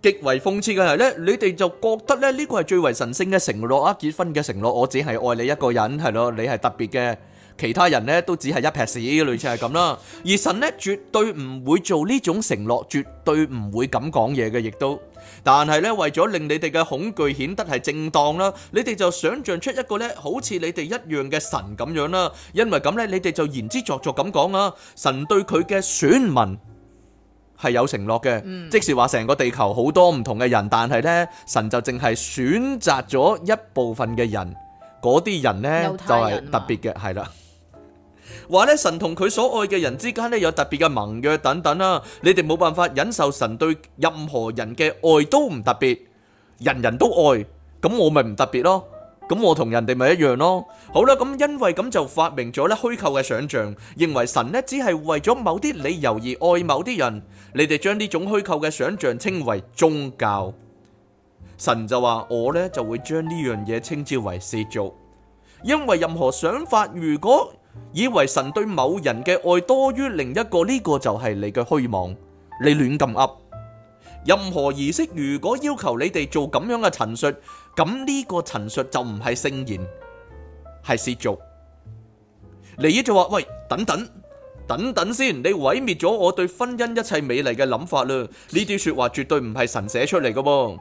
極為諷刺嘅係呢，你哋就覺得呢呢個係最為神聖嘅承諾啊，結婚嘅承諾，我只係愛你一個人，係咯，你係特別嘅。其他人咧，都只係一劈屎，類似係咁啦。而神咧，絕對唔會做呢種承諾，絕對唔會咁講嘢嘅，亦都。但係咧，為咗令你哋嘅恐懼顯得係正當啦，你哋就想象出一個咧，好似你哋一樣嘅神咁樣啦。因為咁咧，你哋就言之鑿鑿咁講啦，神對佢嘅選民係有承諾嘅，即使話成個地球好多唔同嘅人，但係咧，神就淨係選擇咗一部分嘅人，嗰啲人咧，就係特別嘅，係啦。話咧神同佢所愛嘅人之間呢有特別嘅盟約等等啦，你哋冇辦法忍受神對任何人嘅愛都唔特別，人人都愛，咁我咪唔特別咯，咁我同人哋咪一樣咯。好啦，咁因為咁就發明咗咧虛構嘅想象，認為神呢只係為咗某啲理由而愛某啲人，你哋將呢種虛構嘅想象稱為宗教，神就話我呢就會將呢樣嘢稱之為世俗，因為任何想法如果。以為神對某人嘅愛多於另一個呢個就係你嘅虛妄，你亂咁噏。任何儀式如果要求你哋做咁樣嘅陳述，咁呢個陳述就唔係聖言，係褻瀆。尼爾就話，喂，等等等等先，你毀滅咗我對婚姻一切美麗嘅諗法啦。呢啲說話絕對唔係神寫出嚟嘅，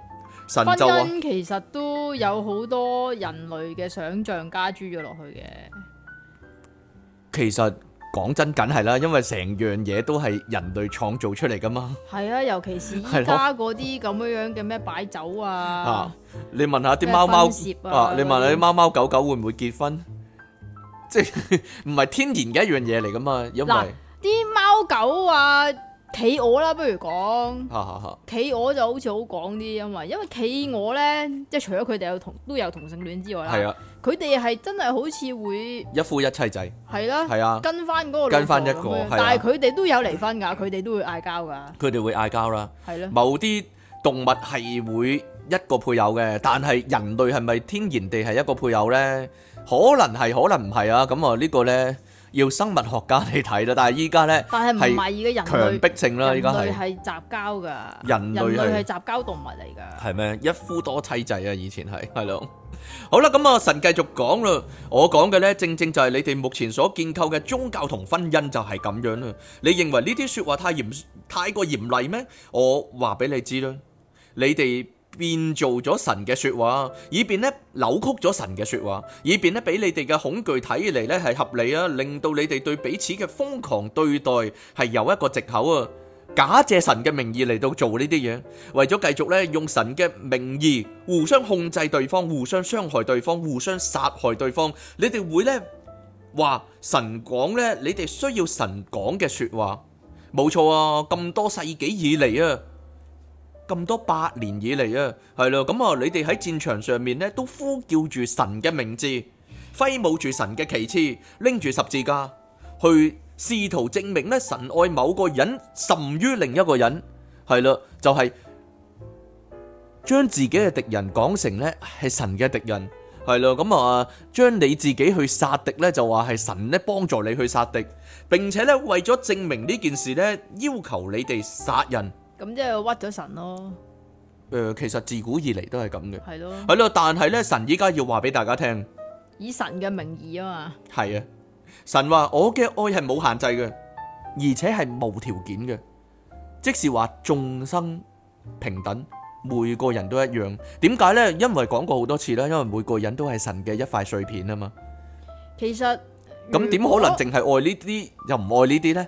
神就話。婚姻其實都有好多人類嘅想象加諸咗落去嘅。其實講真，梗係啦，因為成樣嘢都係人類創造出嚟噶嘛。係啊，尤其是依家嗰啲咁樣樣嘅咩擺酒啊。啊，你問下啲貓貓啊，你問下啲貓貓狗狗會唔會結婚？即係唔係天然嘅一樣嘢嚟噶嘛？因為啲貓狗啊。企鵝啦，不如講，企鵝就好似好講啲，因為因為企鵝咧，即係除咗佢哋有同都有同性戀之外啦，佢哋係真係好似會一夫一妻制，係啦，係啊，跟翻嗰個，跟翻一個，但係佢哋都有離婚㗎，佢哋都會嗌交㗎，佢哋會嗌交啦，係咯，某啲動物係會一個配偶嘅，但係人類係咪天然地係一個配偶咧？可能係，可能唔係啊，咁啊呢個咧。要生物學家嚟睇啦，但係依家咧，但係唔係係強逼性啦，依家係係雜交噶，人類係雜交動物嚟噶，係咩一夫多妻制啊？以前係係咯，好啦，咁啊神繼續講啦，我講嘅咧正正就係你哋目前所建構嘅宗教同婚姻就係咁樣啦。你認為呢啲說話太嚴太過嚴厲咩？我話俾你知啦，你哋。變做咗神嘅說話，以便咧扭曲咗神嘅說話，以便咧俾你哋嘅恐懼睇嚟咧係合理啊，令到你哋對彼此嘅瘋狂對待係有一個藉口啊，假借神嘅名義嚟到做呢啲嘢，為咗繼續咧用神嘅名義互相控制對方、互相傷害對方、互相殺害對方，你哋會咧話神講咧，你哋需要神講嘅說話，冇錯啊，咁多世紀以嚟啊。咁多百年以嚟啊，係咯，咁啊，你哋喺戰場上面呢，都呼叫住神嘅名字，揮舞住神嘅旗幟，拎住十字架去試圖證明呢神愛某個人甚於另一個人，係咯，就係、是、將自己嘅敵人講成呢係神嘅敵人，係咯，咁啊，將你自己去殺敵呢，就話係神呢幫助你去殺敵，並且呢，為咗證明呢件事呢，要求你哋殺人。咁即係屈咗神咯。誒，其實自古以嚟都係咁嘅。係咯，係咯，但係咧，神依家要話俾大家聽，以神嘅名義啊嘛。係啊，神話我嘅愛係冇限制嘅，而且係無條件嘅，即是話眾生平等，每個人都一樣。點解咧？因為講過好多次啦，因為每個人都係神嘅一塊碎片啊嘛。其實咁點可能淨係愛呢啲，又唔愛呢啲咧？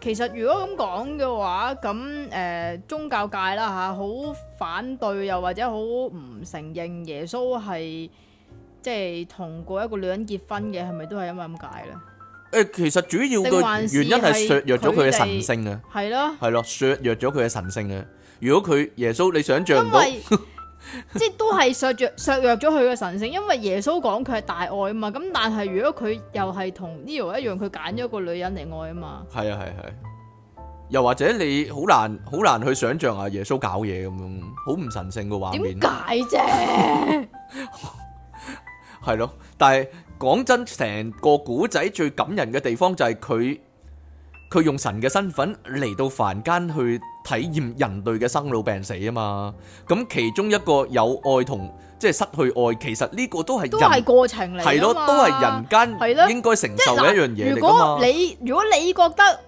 其實如果咁講嘅話，咁誒、呃、宗教界啦吓，好、啊、反對又或者好唔承認耶穌係即係同過一個女人結婚嘅，係咪都係因為咁解咧？誒，其實主要嘅原因係削弱咗佢嘅神性啊，係咯、就係，係咯了，削弱咗佢嘅神性啊。如果佢耶穌，你想象唔到。即係都係削弱削弱咗佢嘅神聖，因為耶穌講佢係大愛啊嘛。咁但係如果佢又係同尼羅一樣，佢揀咗個女人嚟愛啊嘛。係啊係係，又或者你好難好難去想象阿耶穌搞嘢咁樣，好唔神聖嘅畫面。點解啫？係咯，但係講真，成個古仔最感人嘅地方就係佢。佢用神嘅身份嚟到凡間去體驗人類嘅生老病死啊嘛，咁其中一個有愛同即係失去愛，其實呢個都係都係過程嚟，係咯，都係人間應該承受嘅一樣嘢如，如果你如果你覺得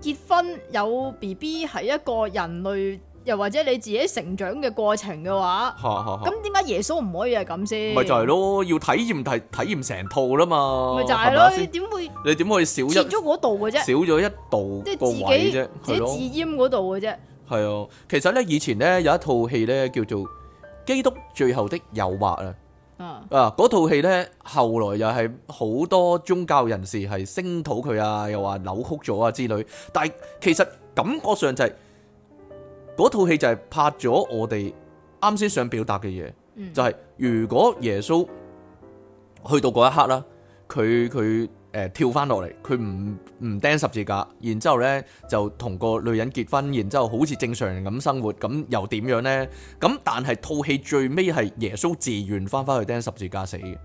結婚有 BB 係一個人類。又或者你自己成長嘅過程嘅話，咁點解耶穌唔可以係咁先？咪就係咯，要體驗體體驗成套啦嘛，咪就係咯，點會？你點會少咗嗰度嘅啫？少咗一道即係啫，自己字音嗰度嘅啫。係啊，其實咧以前咧有一套戲咧叫做《基督最後的誘惑》啊，啊嗰套戲咧後來又係好多宗教人士係聲討佢啊，又話扭曲咗啊之類，但係其實感覺上就係。嗰套戲就係拍咗我哋啱先想表達嘅嘢，就係如果耶穌去到嗰一刻啦，佢佢誒跳翻落嚟，佢唔唔釘十字架，然之後咧就同個女人結婚，然之後好似正常人咁生活，咁又點樣呢？咁但係套戲最尾係耶穌自願翻翻去釘十字架死嘅。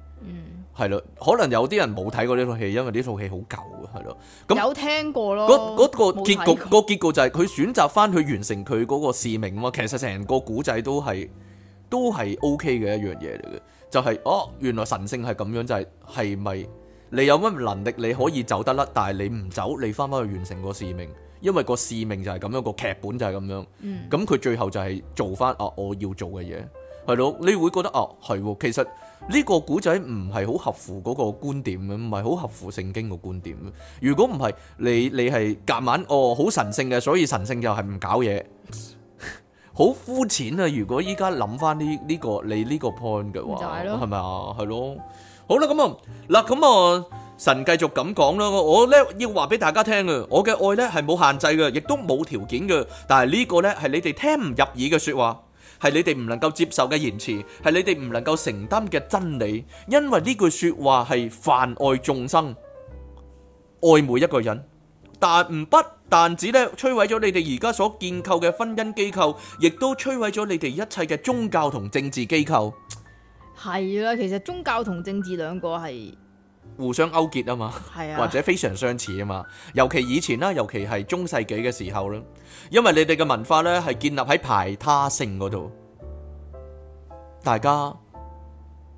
係咯，可能有啲人冇睇過呢套戲，因為呢套戲好舊啊，係咯。咁有聽過咯。嗰嗰、嗰個結局，個結局就係佢選擇翻去完成佢嗰個使命啊嘛！其實成個古仔都係都係 OK 嘅一樣嘢嚟嘅，就係哦，原來神聖係咁樣，就係係咪你有乜能力你可以走得甩，但係你唔走，你翻翻去完成個使命，因為個使命就係咁樣，個劇本就係咁樣。嗯。咁佢最後就係做翻哦，我要做嘅嘢係咯，你會覺得哦，係其實。呢個古仔唔係好合乎嗰個觀點嘅，唔係好合乎聖經個觀點。如果唔係，你你係夾硬哦，好神聖嘅，所以神聖就係唔搞嘢，好膚淺啊！如果依家諗翻呢呢個你呢個 point 嘅話，係咪啊？係咯，好啦，咁啊，嗱，咁啊，神繼續咁講啦。我咧要話俾大家聽啊，我嘅愛咧係冇限制嘅，亦都冇條件嘅。但係呢個咧係你哋聽唔入耳嘅説話。係你哋唔能夠接受嘅言辭，係你哋唔能夠承擔嘅真理，因為呢句說話係泛愛眾生，愛每一個人，但唔不但止咧摧毀咗你哋而家所建構嘅婚姻機構，亦都摧毀咗你哋一切嘅宗教同政治機構。係啦，其實宗教同政治兩個係。互相勾結啊嘛，或者非常相似啊嘛，尤其以前啦，尤其係中世紀嘅時候咧，因為你哋嘅文化呢係建立喺排他性嗰度，大家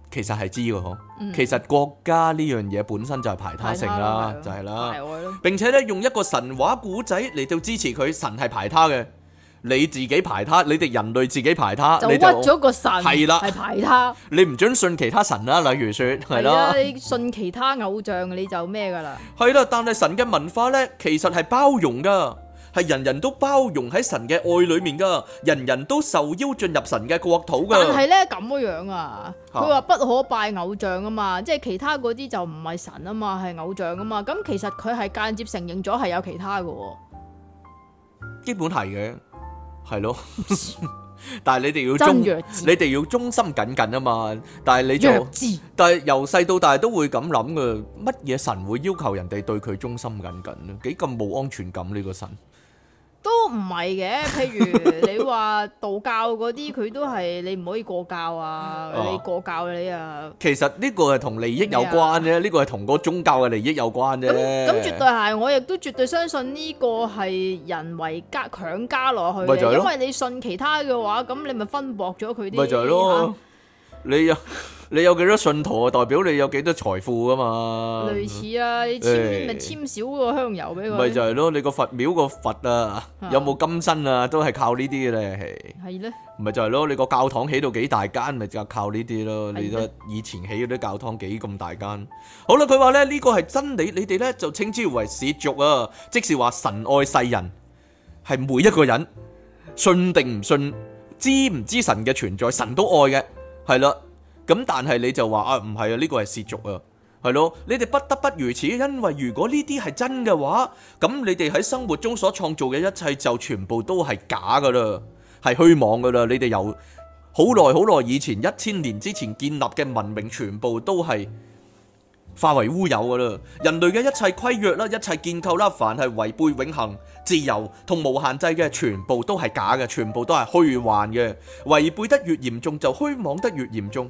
其實係知嘅嗬，其實國家呢樣嘢本身就係排他性啦，就係啦，並且呢，用一個神話古仔嚟到支持佢，神係排他嘅。你自己排他，你哋人類自己排他，就屈咗就個神係啦，係了排他。你唔准信其他神啦，例如說係啦，你信其他偶像你就咩噶啦？係啦， 但係神嘅文化呢，其實係包容噶，係人人都包容喺神嘅愛裏面噶，人人都受邀進入神嘅國土噶。但係呢？咁樣啊，佢話不可拜偶像啊嘛，啊即係其他嗰啲就唔係神啊嘛，係偶像啊嘛，咁其實佢係間接承認咗係有其他噶。基本係嘅。係咯， 但係你哋要忠，你哋要忠心耿耿啊嘛！但係你做，智但係由細到大都會咁諗噶，乜嘢神會要求人哋對佢忠心耿耿啊？幾咁冇安全感呢個神？都唔係嘅，譬如你話道教嗰啲，佢 都係你唔可以過教啊！啊你過教啊你啊！其實呢個係同利益有關啫，呢個係同個宗教嘅利益有關啫。咁咁絕對係，我亦都絕對相信呢個係人為加強加落去，因為你信其他嘅話，咁你咪分薄咗佢啲。咪就係咯、啊，你啊！你有幾多信徒啊？代表你有幾多財富啊嘛？類似啊，你簽咪簽少個香油俾我。咪就係咯，你個佛廟個佛啊，有冇金身啊？都係靠呢啲嘅咧，係。係咧。咪就係咯，你個教堂起到幾大間，咪就靠呢啲咯。你個以前起嗰啲教堂幾咁大間。好啦，佢話咧呢個係真理，你哋咧就稱之為世俗啊。即是話神愛世人，係每一個人信定唔信，知唔知神嘅存在，神都愛嘅。係啦。咁但係你就話啊，唔係啊，呢個係褻瀆啊，係咯。你哋不得不如此，因為如果呢啲係真嘅話，咁你哋喺生活中所創造嘅一切就全部都係假噶啦，係虛妄噶啦。你哋由好耐好耐以前，一千年之前建立嘅文明，全部都係化為烏有噶啦。人類嘅一切規約啦，一切建構啦，凡係違背永恆、自由同無限制嘅，全部都係假嘅，全部都係虛幻嘅。違背得越嚴重，就虛妄得越嚴重。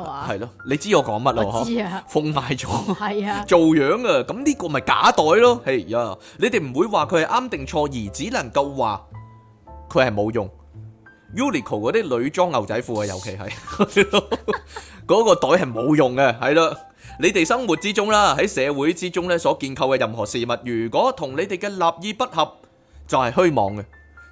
係嘛？係咯，你知我講乜咯？嗬，封埋咗，係啊，做樣啊，咁呢個咪假袋咯？係啊，你哋唔會話佢係啱定錯而，只能夠話佢係冇用。Uniqlo 嗰啲女裝牛仔褲啊，尤其係嗰個袋係冇用嘅。係咯，你哋生活之中啦，喺社會之中咧，所建構嘅任何事物，如果同你哋嘅立意不合，就係虛妄嘅，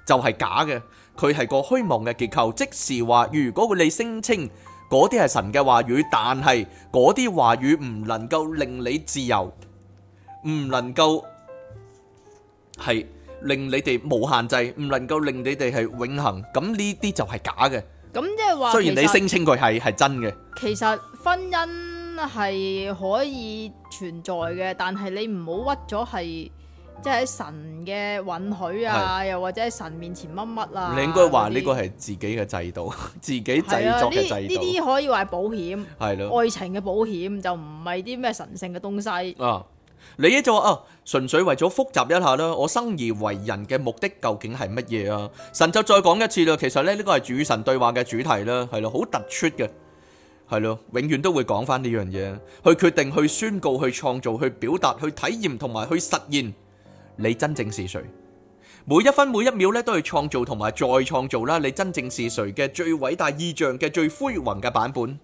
就係假嘅。佢係個虛妄嘅結構，即時話，如果你聲稱，嗰啲係神嘅話語，但係嗰啲話語唔能夠令你自由，唔能夠係令你哋無限制，唔能夠令你哋係永恒。咁呢啲就係假嘅。咁即係話，雖然你聲稱佢係係真嘅，其實婚姻係可以存在嘅，但係你唔好屈咗係。即係喺神嘅允許啊，又或者喺神面前乜乜啊？你應該話呢個係自己嘅制度，自己製作嘅制度。呢啲可以話係保險，係咯，愛情嘅保險就唔係啲咩神聖嘅東西啊！你咧就話啊，純粹為咗複雜一下啦，我生而為人嘅目的究竟係乜嘢啊？神就再講一次啦，其實咧呢個係主神對話嘅主題啦，係咯，好突出嘅，係咯，永遠都會講翻呢樣嘢，去決定、去宣告、去創造、去表達、去體驗同埋去實現。你真正是誰？每一分每一秒咧，都去創造同埋再創造啦。你真正是誰嘅最偉大意象嘅最輝煌嘅版本，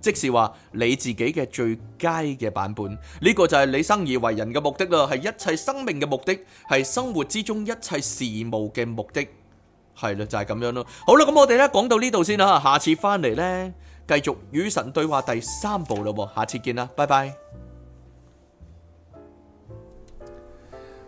即是話你自己嘅最佳嘅版本。呢個就係你生而為人嘅目的啦，係一切生命嘅目的，係生活之中一切事物嘅目的，係啦，就係咁樣咯。好啦，咁我哋咧講到呢度先啦，下次翻嚟呢，繼續與神對話第三部啦，下次見啦，拜拜。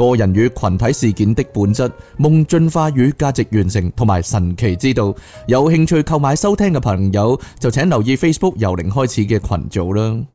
個人與群體事件的本質、夢進化與價值完成同埋神奇之道，有興趣購買收聽嘅朋友就請留意 Facebook 由零開始嘅群組啦。